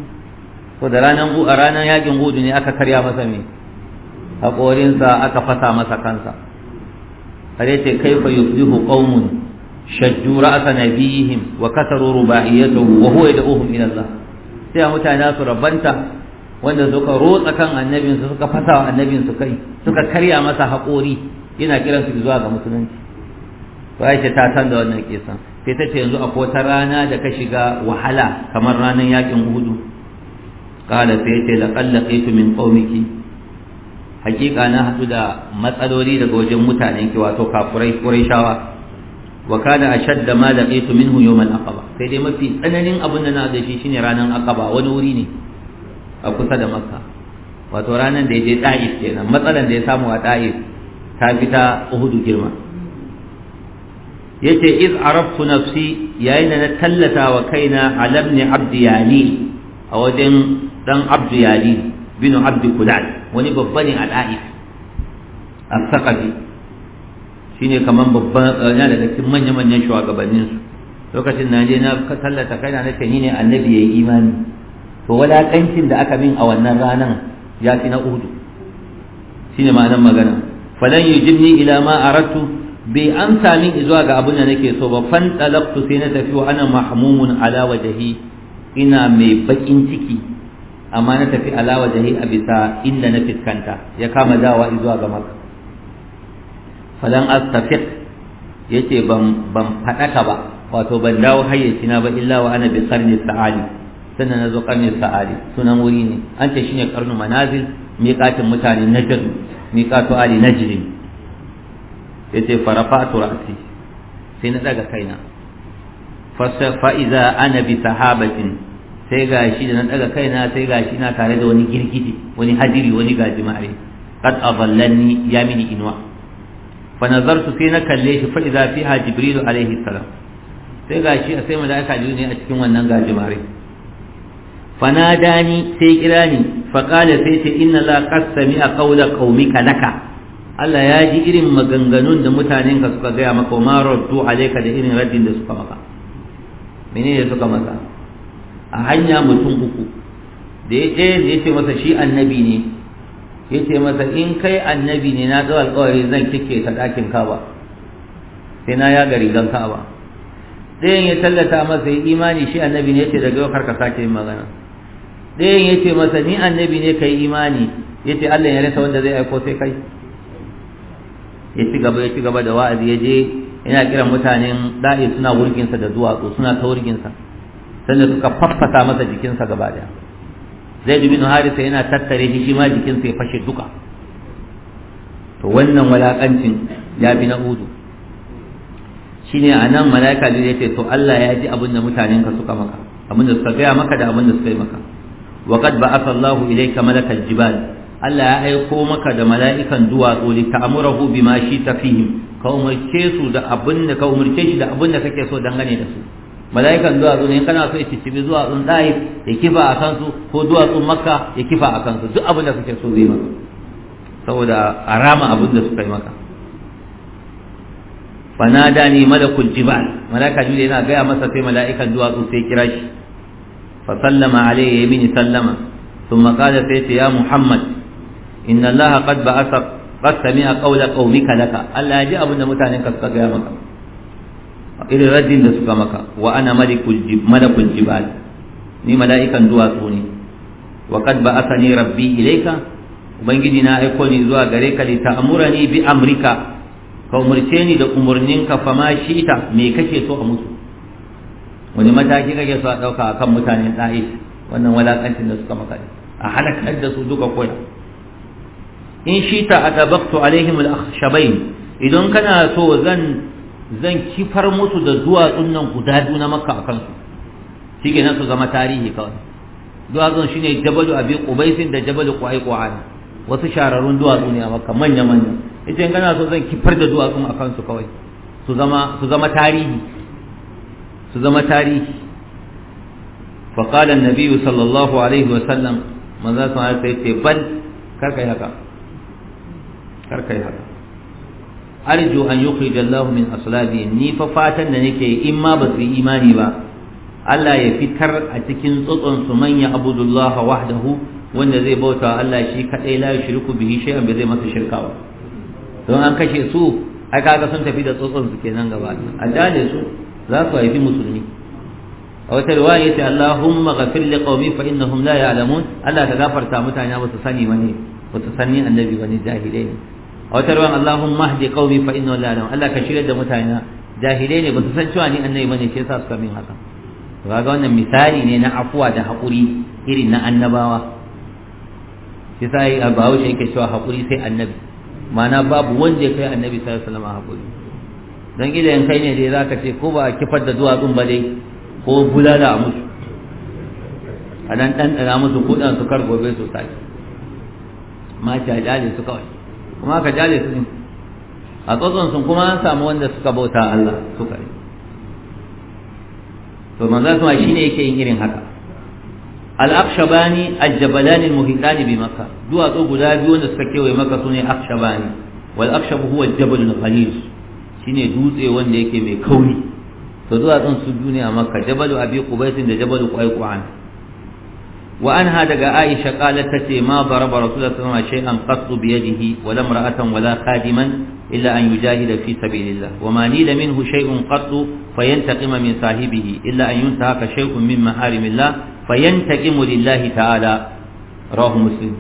ko da ranar Uhud ranar yakin Uhud ne aka karya masa me hakorin sa aka fasa masa kansa kare ce kaifa yusbihu qaumun shajju ra'sa nabihim wa kasaru rubaiyatahu wa huwa yad'uhum ila Allah sai mutane su rabanta wanda suka rotsa kan annabinsu suka fasa annabin su kai suka karya masa haƙori yana kiran su zuwa ga musulunci Aisha ta san da wannan kisan sai ta ce yanzu akwai wata rana da ka shiga wahala kamar ranar yakin hudu qala sai ce laqad laqitu min qaumiki hakika na hadu da matsaloli daga wajen mutanen ki wato kafurai qurayshawa wa kana ashadda ma laqitu minhu yawm al-aqaba sai dai mafi tsananin abin da na gashi shi shine ranan aqaba wani wuri ne a kusa da makka wato ranar da ya je ta'if kenan matsalan da ya samu a ta'if ta fita uhudu girma yace iz arabtu nafsi yayin da na tallata wa kaina ala ibn abdiyali a wajen dan abdiyali bin abdi kulal wani babba ne a ta'if as-saqafi shine kaman babban eh, yana daga cikin manya-manyan shugabannin su lokacin na je na tallata kaina na ce ni ne annabi yayi imani to walaƙancin da aka min a wannan ranan ya fi na uhudu shine ma'anar magana falan yujibni ila ma ratu bai amsa min izuwa ga abin da nake so ba fan talaqtu sai na tafi wa ana mahmumun ala wajhi ina mai bakin ciki amma na tafi ala wajhi a bisa inda na fiskanta ya kama dawa zuwa ga maka. falan astafiq yace ban ban fadaka ba wato ban dawo hayyacina ba illa wa ana bi qarni sa'ali sannan nazo qarni sa'ali sunan wuri ne an ce shine qarnu manazil miqatin mutane najd miqatu ali najd yace farafa'tu ra'si sai na daga kaina fasa fa'iza ana bi sahabatin sai gashi da na daga kaina sai gashi na tare da wani girgidi wani hadiri wani gajimare qad aballani ya mini inuwa fa nazartu sai na kalle shi fa idza fiha jibril alaihi salam sai gashi sai malaika jibril ne a cikin wannan gajimare fa nadani sai kira ni fa qala sai ce inna la qad sami'a qawla qaumika laka Allah ya ji irin maganganun da mutanen ka suka gaya maka ma raddu alayka da irin raddin da suka maka menene suka maka a hanya mutum uku da ya ɗaya da ya ce masa shi annabi ne yace masa in kai annabi ne na dau alƙawari zan kike ta ɗakin kaba sai na yaga rigan kaba ɗayan ya tallata masa ya imani shi annabi ne yace daga yau karka sake yin magana ɗayan yace masa ni annabi ne kai imani yace Allah ya rasa wanda zai aiko sai kai ya ci gaba ya ci gaba da wa'azi ya je yana kiran mutanen da'i suna sa da duwatsu suna ta sa sannan suka faffasa masa jikinsa gaba daya zai bin harisa yana tattare shi ma jikinsa ya fashe duka to wannan walakancin ya bi na udu shine a nan mala'ika da ya to Allah ya ji abin da ka suka maka abin da suka gaya maka da abin da suka yi maka wa qad ba'atha Allahu ilayka malakal jibal Allah ya aiko maka da mala'ikan duwatsu li ta'murahu bima shi ta fihim ka umarce su da abin da ka shi da abin da kake so dangane da su mala'ikan duwatsu ne kana so ya zuwa duwatsun ɗaif ya kifa a kansu ko duwatsun makka ya kifa a kansu duk abin da kake so zai maka saboda a rama abin da suka yi maka fanada ni malakul jibal mala'ika jibril yana gaya masa sai mala'ikan duwatsu sai kira shi fa sallama alayhi yamini sallama thumma qala sai ya muhammad inna allaha qad ba'atha qad sami'a qawla ka laka Allah ya ji abin da mutanen ka suka gaya maka irin raddin da suka maka wa ana malakul jibal ni mala'ikan duwatsu ne wa qad ba'athani rabbi ilayka ubangiji na aiko ni zuwa gare ka li ta'murani bi amrika ka umurce ni da ka fa ma shi'ta me kake so a musu wani mataki kake so a dauka akan mutanen da'ish wannan walakancin da suka maka a halakar da su duka koya in shi ta a alaihim al-akhshabain idan kana so zan zan kifar musu da duwatsun nan guda biyu na makka a kansu shi ke su zama tarihi kawai duwatsun shine jabalu abi qubaisin da jabalu qai qani wasu shararrun duwatsu ne a makka manya manya ita in kana so zan kifar da duwatsun a kansu kawai su zama su zama tarihi su zama tarihi فقال النبي صلى الله عليه وسلم ماذا سمعت بل كركي هكا كركي haka. arju an yukhrij Allah min aslabi ni fa fatan da nake in ma ba su yi imani ba Allah ya fitar a cikin tsotson su manya abudullah wahdahu wanda zai bauta Allah shi kadai la yushriku bihi shay'an ba zai masa shirka ba don an kashe su ai kaga sun tafi da tsotson su kenan gaba a su za su haifi musulmi a wata riwaya yace Allahumma ghafir li qaumi fa innahum la ya'lamun Allah ta gafarta mutane ba su sani bane ba su sani annabi bane jahilai ne a wata ruwan Allahumma hdi qaumi fa inna la Allah ka shirya da mutane jahilai ne ba su san cewa ni annabi ne ke yasa suka min haka ba ga wannan misali ne na afuwa da haƙuri irin na annabawa shi sa yi bawo shi yake cewa haƙuri sai annabi ma'ana babu wanda ya kai annabi sallallahu alaihi wasallam Don dan gidan kai ne dai zaka ce ko ba kifar da duwatsun ba dai ko bulala a musu a dan ɗanɗana musu ɗan su kar gobe su sake ma ta jale su kawai kuma ka jale su a tsotson sun kuma an samu wanda suka bauta Allah suka yi to manzo kuma shine yake yin irin haka al-aqshabani al Jabalani al-muhitan bi duwatsu guda biyu wanda suka kewaye maka sune aqshabani wal aqshab huwa al-jabal al-qalil shine dutse wanda yake mai kauri to duwatsun su duniya makka jabalu abi qubaisin da jabalu qaiqan وأنها دقى عائشة قالت تتي ما ضرب رسول الله صلى الله عليه وسلم شيئا قط بيده ولا امرأة ولا خادما إلا أن يجاهد في سبيل الله وما نيل منه شيء قط فينتقم من صاحبه إلا أن ينتهك شيء من محارم الله فينتقم لله تعالى رواه مسلم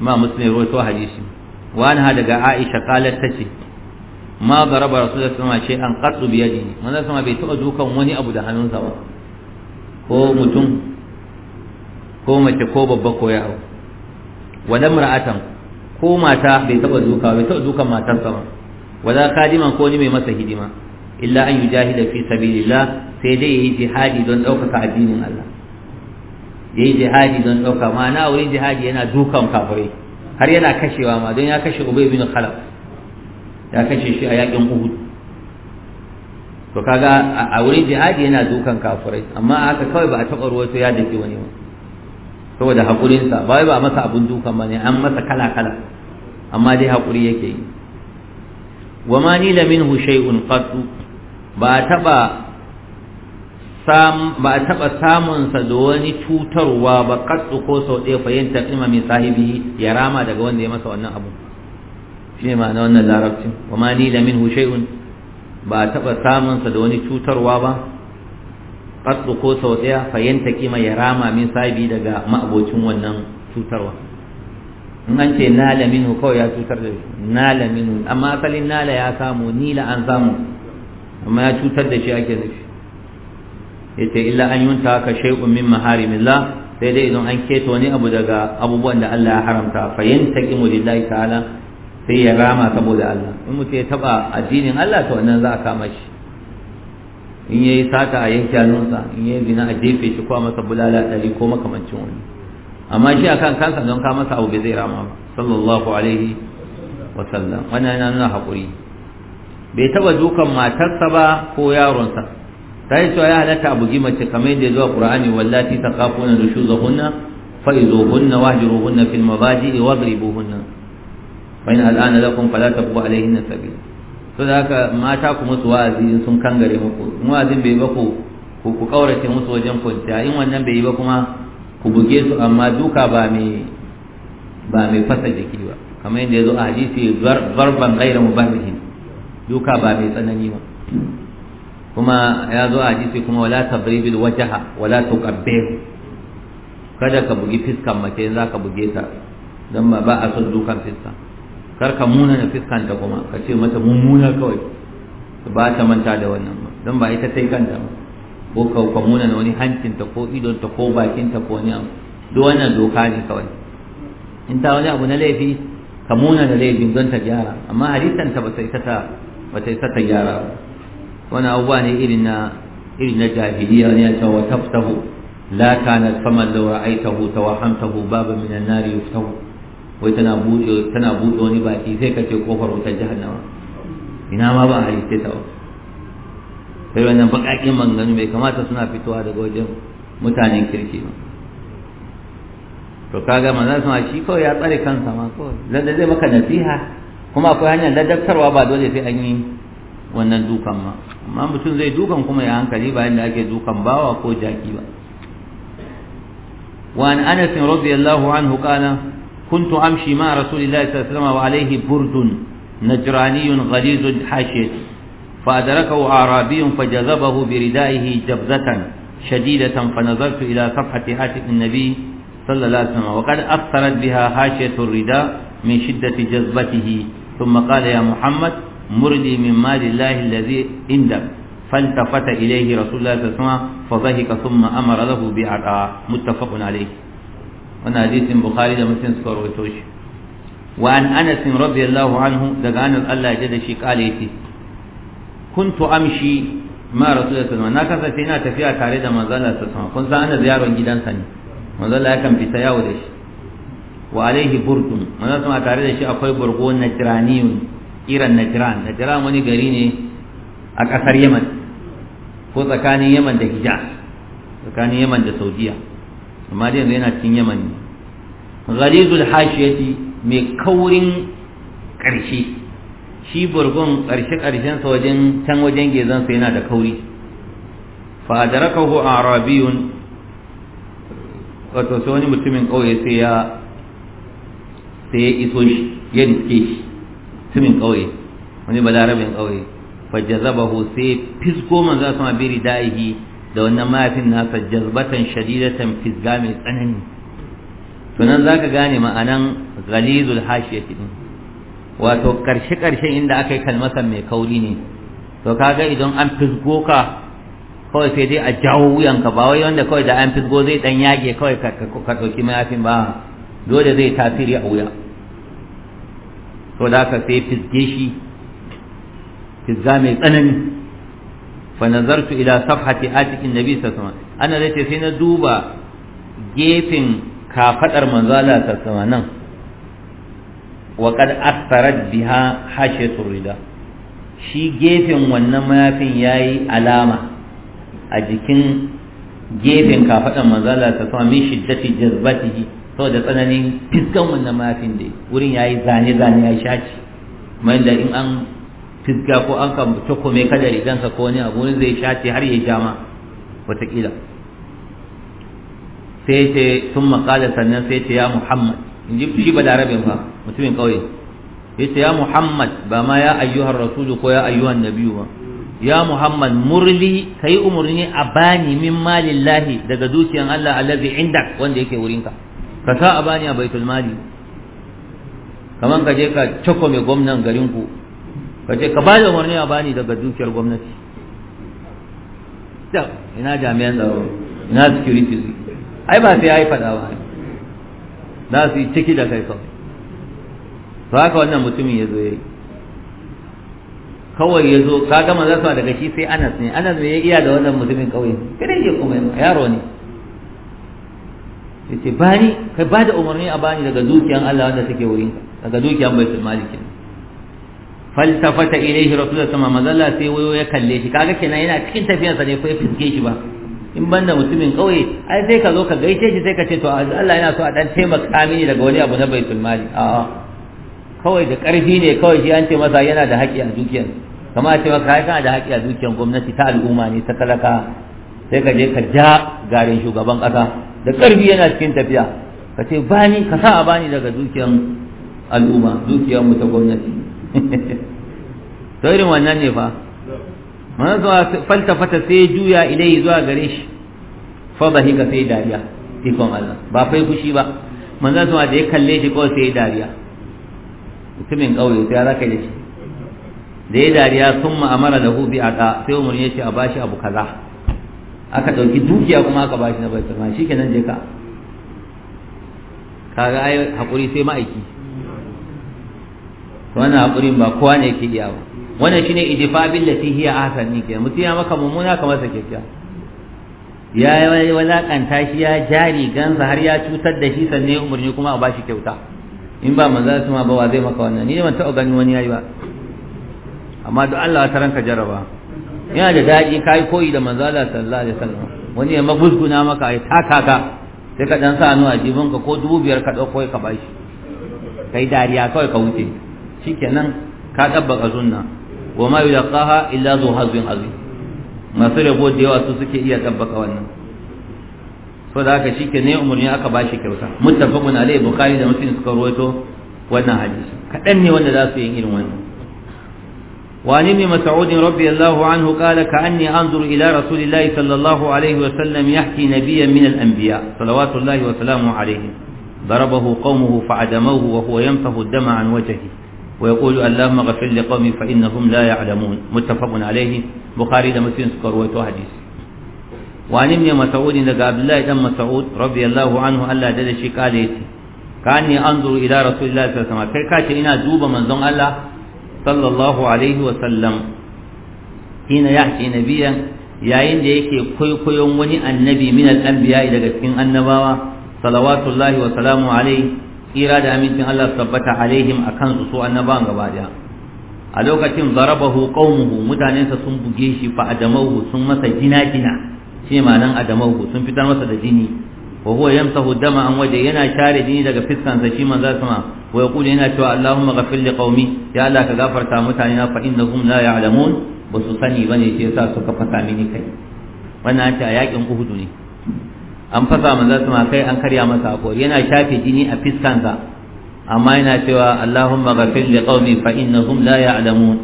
ما مسلم رويته حديثي وأنها دقى عائشة قالت تتي ما ضرب رسول الله صلى الله عليه وسلم شيئا قط بيده من سما بيتؤذوك وني أبو دهنون سوا هو متم ko mace ko babba ko yaro wala mar'atan ko mata bai taba duka bai taba dukan matan sama. wala kadiman ko ni mai masa hidima illa an yi yujahida fi sabilillah sai dai yi jihadi don daukaka addinin Allah yayi jihadi don dauka ma'ana wurin jihadi yana dukan kafirai har yana kashewa ma don ya kashe Ubay bin Khalaf ya kashe shi a yakin Uhud to kaga a wurin jihadi yana dukan kafirai amma haka kawai ba a taɓa ruwa to ya dace wani ba saboda haƙurinsa ba ba masa abun dukan ba ne an masa kala-kala amma dai haƙuri yake yi wa ma ni da minhu shay'un qattu ba taɓa sam ba taɓa samunsa da wani cutarwa ba qattu ko sau ɗaya fa yin taqima min sahibi ya rama daga wanda ya masa wannan abu shi ne ma'ana wannan larabcin wa ma ni da minhu shay'un ba taɓa sa da wani cutarwa ba qatlu ko sau ɗaya fayyanta kima ma rama min sabi daga ma'abocin wannan cutarwa in an ce nala minhu kawai ya cutar da shi nala minhu amma asalin nala ya samu nila an samu amma ya cutar da shi ake nufi yace illa an yunta ka shay'un min maharimillah sai dai idan an keto wani abu daga abubuwan da Allah ya haramta fayyanta kima lillahi ta'ala sai ya rama saboda Allah in mutum ya taɓa addinin Allah ta wannan za a kama shi in yayi sata a yanke hannunsa in yayi zina a jefe shi ko masa bulala ɗari ko makamancin wani amma shi akan kansa don ka masa abu bai zai rama ba sallallahu alaihi wa sallam wannan yana nuna haƙuri bai taɓa dukan matarsa ba ko yaronsa ta yi cewa ya halatta a bugi mace kamar yadda ya zuwa qur'ani wallati taqafuna nushuzahunna fa'izuhunna wahjuruhunna fil mabaji'i wadribuhunna fa in al'ana lakum fala tabghu alaihinna sabila to da haka mata ku musu wa'azi sun kangare muku Mu wa'azin bai ba ku ku kaurace musu wajen kwanciya in wannan bai yi ba kuma ku buge su amma duka ba mai ba mai fasa jiki ba kamar yadda ya zo a hadisi zarban gaira mubarrihin duka ba mai tsanani ba kuma ya zo a hadisi kuma wala tabribil wajaha wala tuqabbih kada ka bugi fiskan mace za ka buge ta dan ba a son dukan fiskan kar ka muna na fiskanta kuma ka ce mata mummuna kawai ba ta manta da wannan ba don ba ita sai kanta ba ko ka ka muna na wani hancinta ko idonta ko bakinta ko wani abu duk wannan doka ne kawai in ta wani abu na laifi ka muna da laifin don ta gyara amma halittanta ba ta isa ta ba ta ta gyara ba wani abubuwa ne irin na irin na jahiliya ne ya ce wa taftahu la kanat faman law ra'aytahu tawahhamtahu baban min an-nar yuftahu wai tana buɗe tana buɗe wani baki sai ka ce kofar wutar jahannama ina ma ba halitta ta sai wannan baƙaƙen manganu bai kamata suna fitowa daga wajen mutanen kirki ba to kaga manzon sama shi kawai ya tsare kansa ma kawai lalle zai maka nasiha kuma akwai hanyar ladabtarwa ba dole sai an yi wannan dukan ma amma mutum zai dukan kuma ya hankali ba yadda ake dukan bawa ko jaki ba وعن انس رضي الله عنه قال كنت أمشي مع رسول الله صلى الله عليه وسلم وعليه برد نجراني غليظ حاشد فأدركه أعرابي فجذبه بردائه جبزة شديدة فنظرت إلى صفحة حاشية النبي صلى الله عليه وسلم وقد أثرت بها حاشية الرداء من شدة جذبته ثم قال يا محمد مرني من مال الله الذي عندك فالتفت إليه رسول الله صلى الله عليه وسلم فضحك ثم أمر له بعطاء متفق عليه wannan hadisin bukhari da muslim suka rawaito shi wa an anas radiyallahu anhu daga anas Allah ya da shi kale yace kuntu amshi ma rasulullahi sallallahu alaihi wasallam na kasance ina tafiya tare da manzon Allah sallallahu alaihi kun san ana ziyarar gidansa ne manzon Allah yakan fita yawo da shi wa alaihi burdun manzon Allah tare da shi akwai burgo najraniyun iran najran najran wani gari ne a kasar Yaman ko tsakanin Yaman da Hijaz tsakanin Yaman da Saudiya amma dai yanzu yana cikin yaman ne ya hashiyati mai kaurin ƙarshe shi burgun ƙarshe ƙarshen sa wajen can wajen gezan sa yana da kauri fa a arabiyun wato sai wani mutumin kauye sai ya sai iso shi ya nike shi mutumin kauye wani balarabin kauye fa jazabahu sai fisgo manzo sama biri da'ihi da wannan mahaifin nasa jazbatan shadidatan fizga mai tsanani tunan za ka gane ma'anan ghalizul hashiyati din wato karshe karshen inda aka yi kalmasan mai kauri ne to kaga idan an fizgo ka kawai sai dai a jawo wuyanka ba wai wanda kawai da an fisgo zai dan yage kawai ka ɗauki mayafin ba dole zai tasiri a wuya to da ka sai fizge shi fizga mai tsanani fa nazartu ila safhati atikin nabi sallallahu alaihi wasallam ana dace sai na duba gefen kafadar Manzala Allah sallallahu nan wa kad asarat biha hashatur rida shi gefen wannan mayafin yayi alama a jikin gefen kafaɗar manzala ta min shiddati jazbatihi da tsananin fiskan wannan mafin da wurin yayi zane zane ya shaci mai da in an fisga ko an kan cakume ka da riganka ko wani abu wani zai shace har ya jama wataƙila sai ce sun makala sannan sai ce ya muhammad in ji shi ba da rabin ba mutumin ƙauye ya ce ya muhammad ba ma ya ayyuhar rasulu ko ya ayyuhan nabiyu ba ya muhammad murli ka yi umarni a bani min malillahi daga dukiyan allah allazi inda wanda yake wurinka ka sa a bani a baitul mali kamar ka je ka cakume gwamnan garinku ka ce ka bada umarni a bani daga dukiyar gwamnati ina jami'an tsaro ina security su ai ba sai ai yi ba za su yi ciki da kai kawai to haka wannan mutumin ya zo ya yi kawai ya zo ka gama za su daga shi sai anas ne anas ne ya iya da wannan mutumin kawai kada ya kuma yaro ne ya ce bani kai ba da umarni a bani daga dukiyan Allah wanda take wurin daga dukiyan baitul malikin faltafata ilaihi rasulullah sama mazalla sai wayo ya kalle shi kaga kenan yana cikin tafiyarsa ne ko ya fiske shi ba in banda mutumin kauye ai sai ka zo ka gaishe shi sai ka ce to Allah yana so a dan taimaka mini daga wani abu na baitul mali a kawai da karfi ne kawai shi an ce masa yana da haƙƙi a dukiyar kama a ce maka kai kana da haƙƙi a dukiyar gwamnati ta al'umma ne ta kalaka sai ka je ka ja garin shugaban ƙasa da karfi yana cikin tafiya ka ce bani ka sa a bani daga dukiyar al'umma dukiyar mu ta gwamnati to irin wannan ne fa manzo zuwa faltafata sai juya ilai zuwa gare shi fa bahika sai dariya ikon Allah ba fai fushi ba manzo zuwa da ya kalle shi kawai sai dariya mutumin kauye sai za ka yi shi da ya dariya sun ma'amara da hubi a ta sai umar ya ce a bashi abu kaza aka ɗauki dukiya kuma aka bashi na bai tsama shi kenan je ka kaga ai hakuri sai ma'aiki wannan hakurin ba kowa ne yake iya ba wannan shine ijfa billati hiya ahsan ni ke mutum ya maka mummuna kamar sa kyakkya ya yi walakanta shi ya jari gansa har ya cutar da shi sannan umarni kuma a bashi kyauta in ba manzo su ma ba wa zai maka wannan ni ban taɓa ganin wani yayi ba amma duk Allah ta ranka jaraba yana da daɗi kai koyi da manzo Allah sallallahu alaihi wasallam wani ya magusguna maka ai taka ka sai ka dan sa hannu a ka ko dubu biyar ka dauko ka bashi kai dariya kawai ka wuce shikenan ka dabbaka sunna wa ma yulqaha illa zu hazbin azim masu rabo da yawa su suke iya dabbaka wannan so da haka shike ne umurni aka bashi kyauta muttafaqun alai bukhari da muslim suka rawaito wannan hadisi kadan ne wanda za su yi irin wannan وعن ابن مسعود رضي الله عنه قال كأني أنظر إلى رسول الله صلى الله عليه وسلم يحكي نبيا من الأنبياء صلوات الله وسلامه عليه ضربه قومه فعدموه وهو يمسح الدم عن وجهه ويقول اللهم اغفر لقومي فانهم لا يعلمون متفق عليه بخاري ده مسلم سكر ويتو حديث وعن ابن مسعود ان عبد الله بن مسعود رضي الله عنه الا دد شي قال يتي كاني انظر الى رسول الله صلى الله عليه وسلم كاي كاتي ina duba manzon Allah sallallahu alaihi wa sallam ina yahti nabiyan yayin da yake kwaikwayon wani annabi min al-anbiya daga cikin annabawa salawatullahi wa salamu alaihi tsira da amincin Allah su tabbata alaihim a kansu su annabawan gaba daya a lokacin zarabahu qaumuhu mutanensa sun buge shi fa adamahu sun masa jina jina shi ma'anan adamahu sun fitar masa da jini wa huwa yamsahu dama an waje yana share jini daga fiskansa shi manzo sama wa yaqulu yana cewa Allahumma ghafir li qaumi ya Allah ka gafarta mutane na fa innahum la ya'lamun ba su sani bane shi yasa suka fasa mini kai wannan ta yakin uhudu ne an fasa manzon sama kai an karya masa hakori yana shafe jini a fiskansa amma yana cewa Allahumma ghafir li qaumi fa innahum la ya'lamun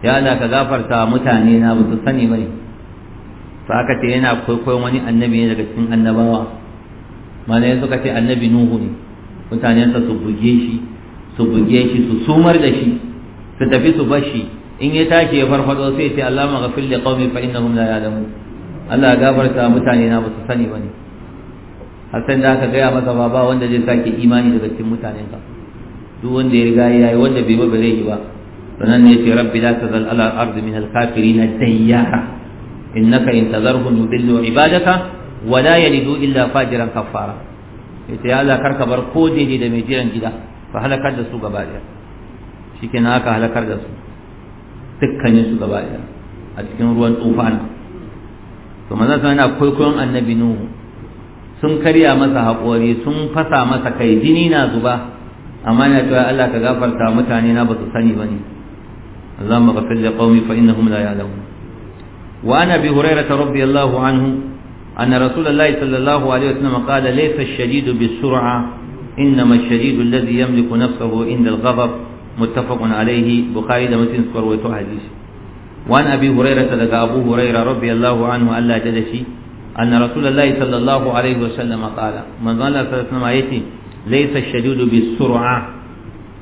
ya Allah ka gafarta mutane na ba su sani bane fa aka ce yana kwaikwayon wani annabi ne daga cikin annabawa mana suka ce annabi nuhu ne mutanensa su buge shi su buge shi su sumar da shi su tafi su bashi in ya tashi ya farfado sai ce Allahumma ghafir li qaumi fa innahum la ya'lamun Allah ya gafarta mutane na ba su sani bane har san da aka gaya masa ba ba wanda zai sake imani daga cikin mutanen ka duk wanda ya riga yayi wanda bai ba bare ba sanan ne ce rabbi la tazal ala al-ardi min al-kafirin dayyara innaka in tazarhum yudillu ibadaka wa la yalidu illa fajiran kafara yace ya Allah karka bar ko dai-dai da mai jiran gida ka halakar da su gaba daya shikenan aka halakar da su dukkanin su gaba daya a cikin ruwan tufana to manzon sa yana kwaikwayon annabi nuhu sun karya masa haƙori sun fasa masa kai jini na zuba amma yana cewa Allah ka gafarta mutane na ba su sani ba ne Allahumma ghfir da qaumi fa innahum la ya'lamun wa ana bi hurairah radiyallahu anhu anna rasulullahi sallallahu alaihi sallam qala laysa ash-shadidu bis-sur'a إنما الشديد الذي يملك نفسه عند الغضب da عليه بخاري ده متن سكر وتو حديث وعن أبي هريرة لقى أبو هريرة رضي الله عنه ألا جدشي أن رسول الله صلى الله عليه وسلم قال من ظن الله صلى ليس الشديد بالسرعة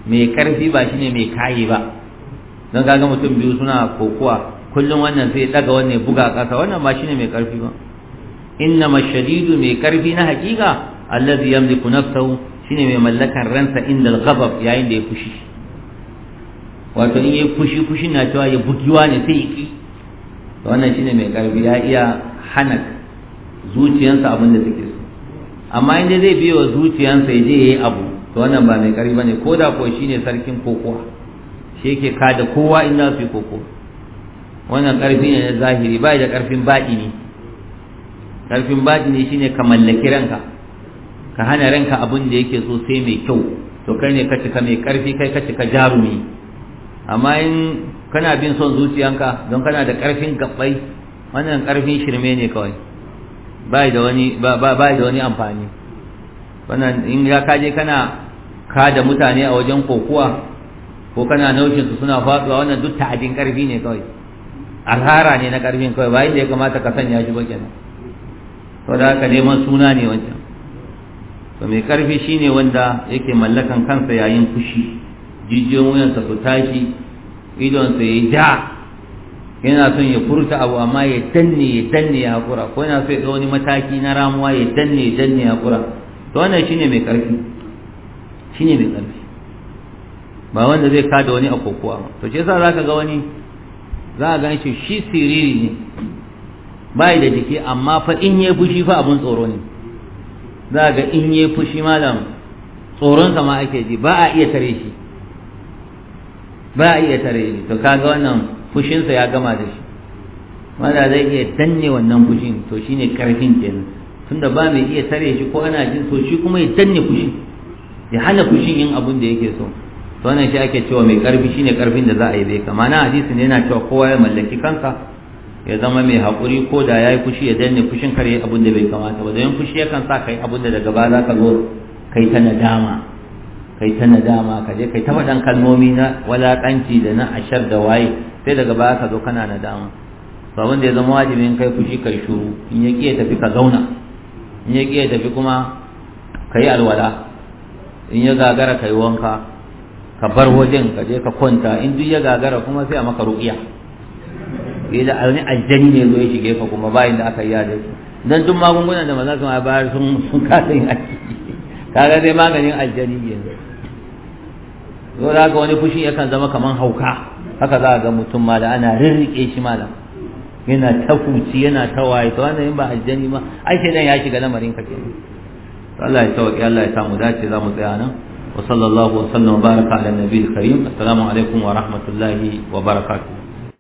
mai karfi ba shine mai kayi ba don kaga mutum biyu suna kokuwa kullum wannan sai daga wannan buga kasa wannan ba shine mai karfi ba innama shadidu mai karfi na hakika allazi yamliku nafsahu shine mai mallakan ransa inda al-ghadab yayin da ya fushi wato in ya fushi fushin na cewa ya bugiwa ne sai ya wannan shine mai karfi ya iya hana zuciyansa abin da take so amma inda zai biyo wa zuciyansa ya je yi abu to wannan ba mai kari ne. ko da ko shine sarkin kokowa shi yake da kowa in za su yi koko wannan karfi ne na zahiri ba da karfin baɗi ne karfin baɗi ne shine ka mallaki ranka ka hana ranka abin da yake so sai mai kyau to kai ne ka cika mai karfi kai ka cika jarumi amma in kana bin son zuciyanka don kana da karfin gabbai wannan karfin shirme ne kawai bai da wani bai da wani amfani wannan in ya kaje kana ka da mutane a wajen kokuwa ko kana naushin su suna faduwa wannan duk ta'adin karfi ne kawai alhara ne na ƙarfin kawai bayan da ya kamata ka sanya shi ba kenan to da haka neman suna ne wancan to mai karfi shine wanda yake mallakan kansa yayin fushi jijiyoyin wuyansa su tashi idonsa ya ja yana son ya furta abu amma ya danne ya danne ya hakura ko yana son ya wani mataki na ramuwa ya danne ya danne ya hakura to wannan shine mai karfi shine mai karfi ba wanda zai kada wani a kokowa ba to shi yasa zaka ga wani za ka gan shi shi siriri ne bai da jiki amma fa in yayi fushi fa abun tsoro ne za ga in yayi fushi malam sa ma ake ji ba a iya tare shi ba a iya tare shi to kaga wannan fushinsa ya gama da shi wanda zai iya danne wannan fushin to shine karfin kenan tunda ba mai iya tare shi ko ana jin so shi kuma ya danne fushi ya hana fushin yin abun da yake so to wannan shi ake cewa mai karfi shine karfin da za a yi bai kama na hadisi ne yana cewa kowa ya mallaki kansa ya zama mai haƙuri ko da ya yi fushi ya danne fushin kar ya abun da bai kamata ba domin fushi yakan sa kai abun da daga baya za ka zo kai ta nadama kai ta nadama ka je kai ta faɗan kalmomi na walaƙanci da na ashar da waye sai daga baya ka zo kana nadama ba wanda ya zama wajibin kai fushi kai shuru in ya ƙi tafi ka zauna in ya ƙi tafi kuma ka yi alwala in ya gagara ka yi wanka ka bar wajen ka je ka kwanta in duk ya gagara kuma sai a maka ruƙiya ila alni aljani ne zo ya shige ka kuma bayan da aka yi yare dan duk magungunan da maza a bayar sun sun kasa yin aiki kaga dai maganin aljani ne zo da haka wani fushi yakan zama kaman hauka haka za a ga mutum da ana rirriƙe shi malam yana ta fuci yana ta waye to wannan in ba aljani ma ai sai dan ya shiga lamarin ka kenan Allah ya sauke Allah ya samu dace za mu tsaya nan wa sallallahu wa sallama baraka ala nabiyil karim assalamu alaikum wa rahmatullahi wa barakatuh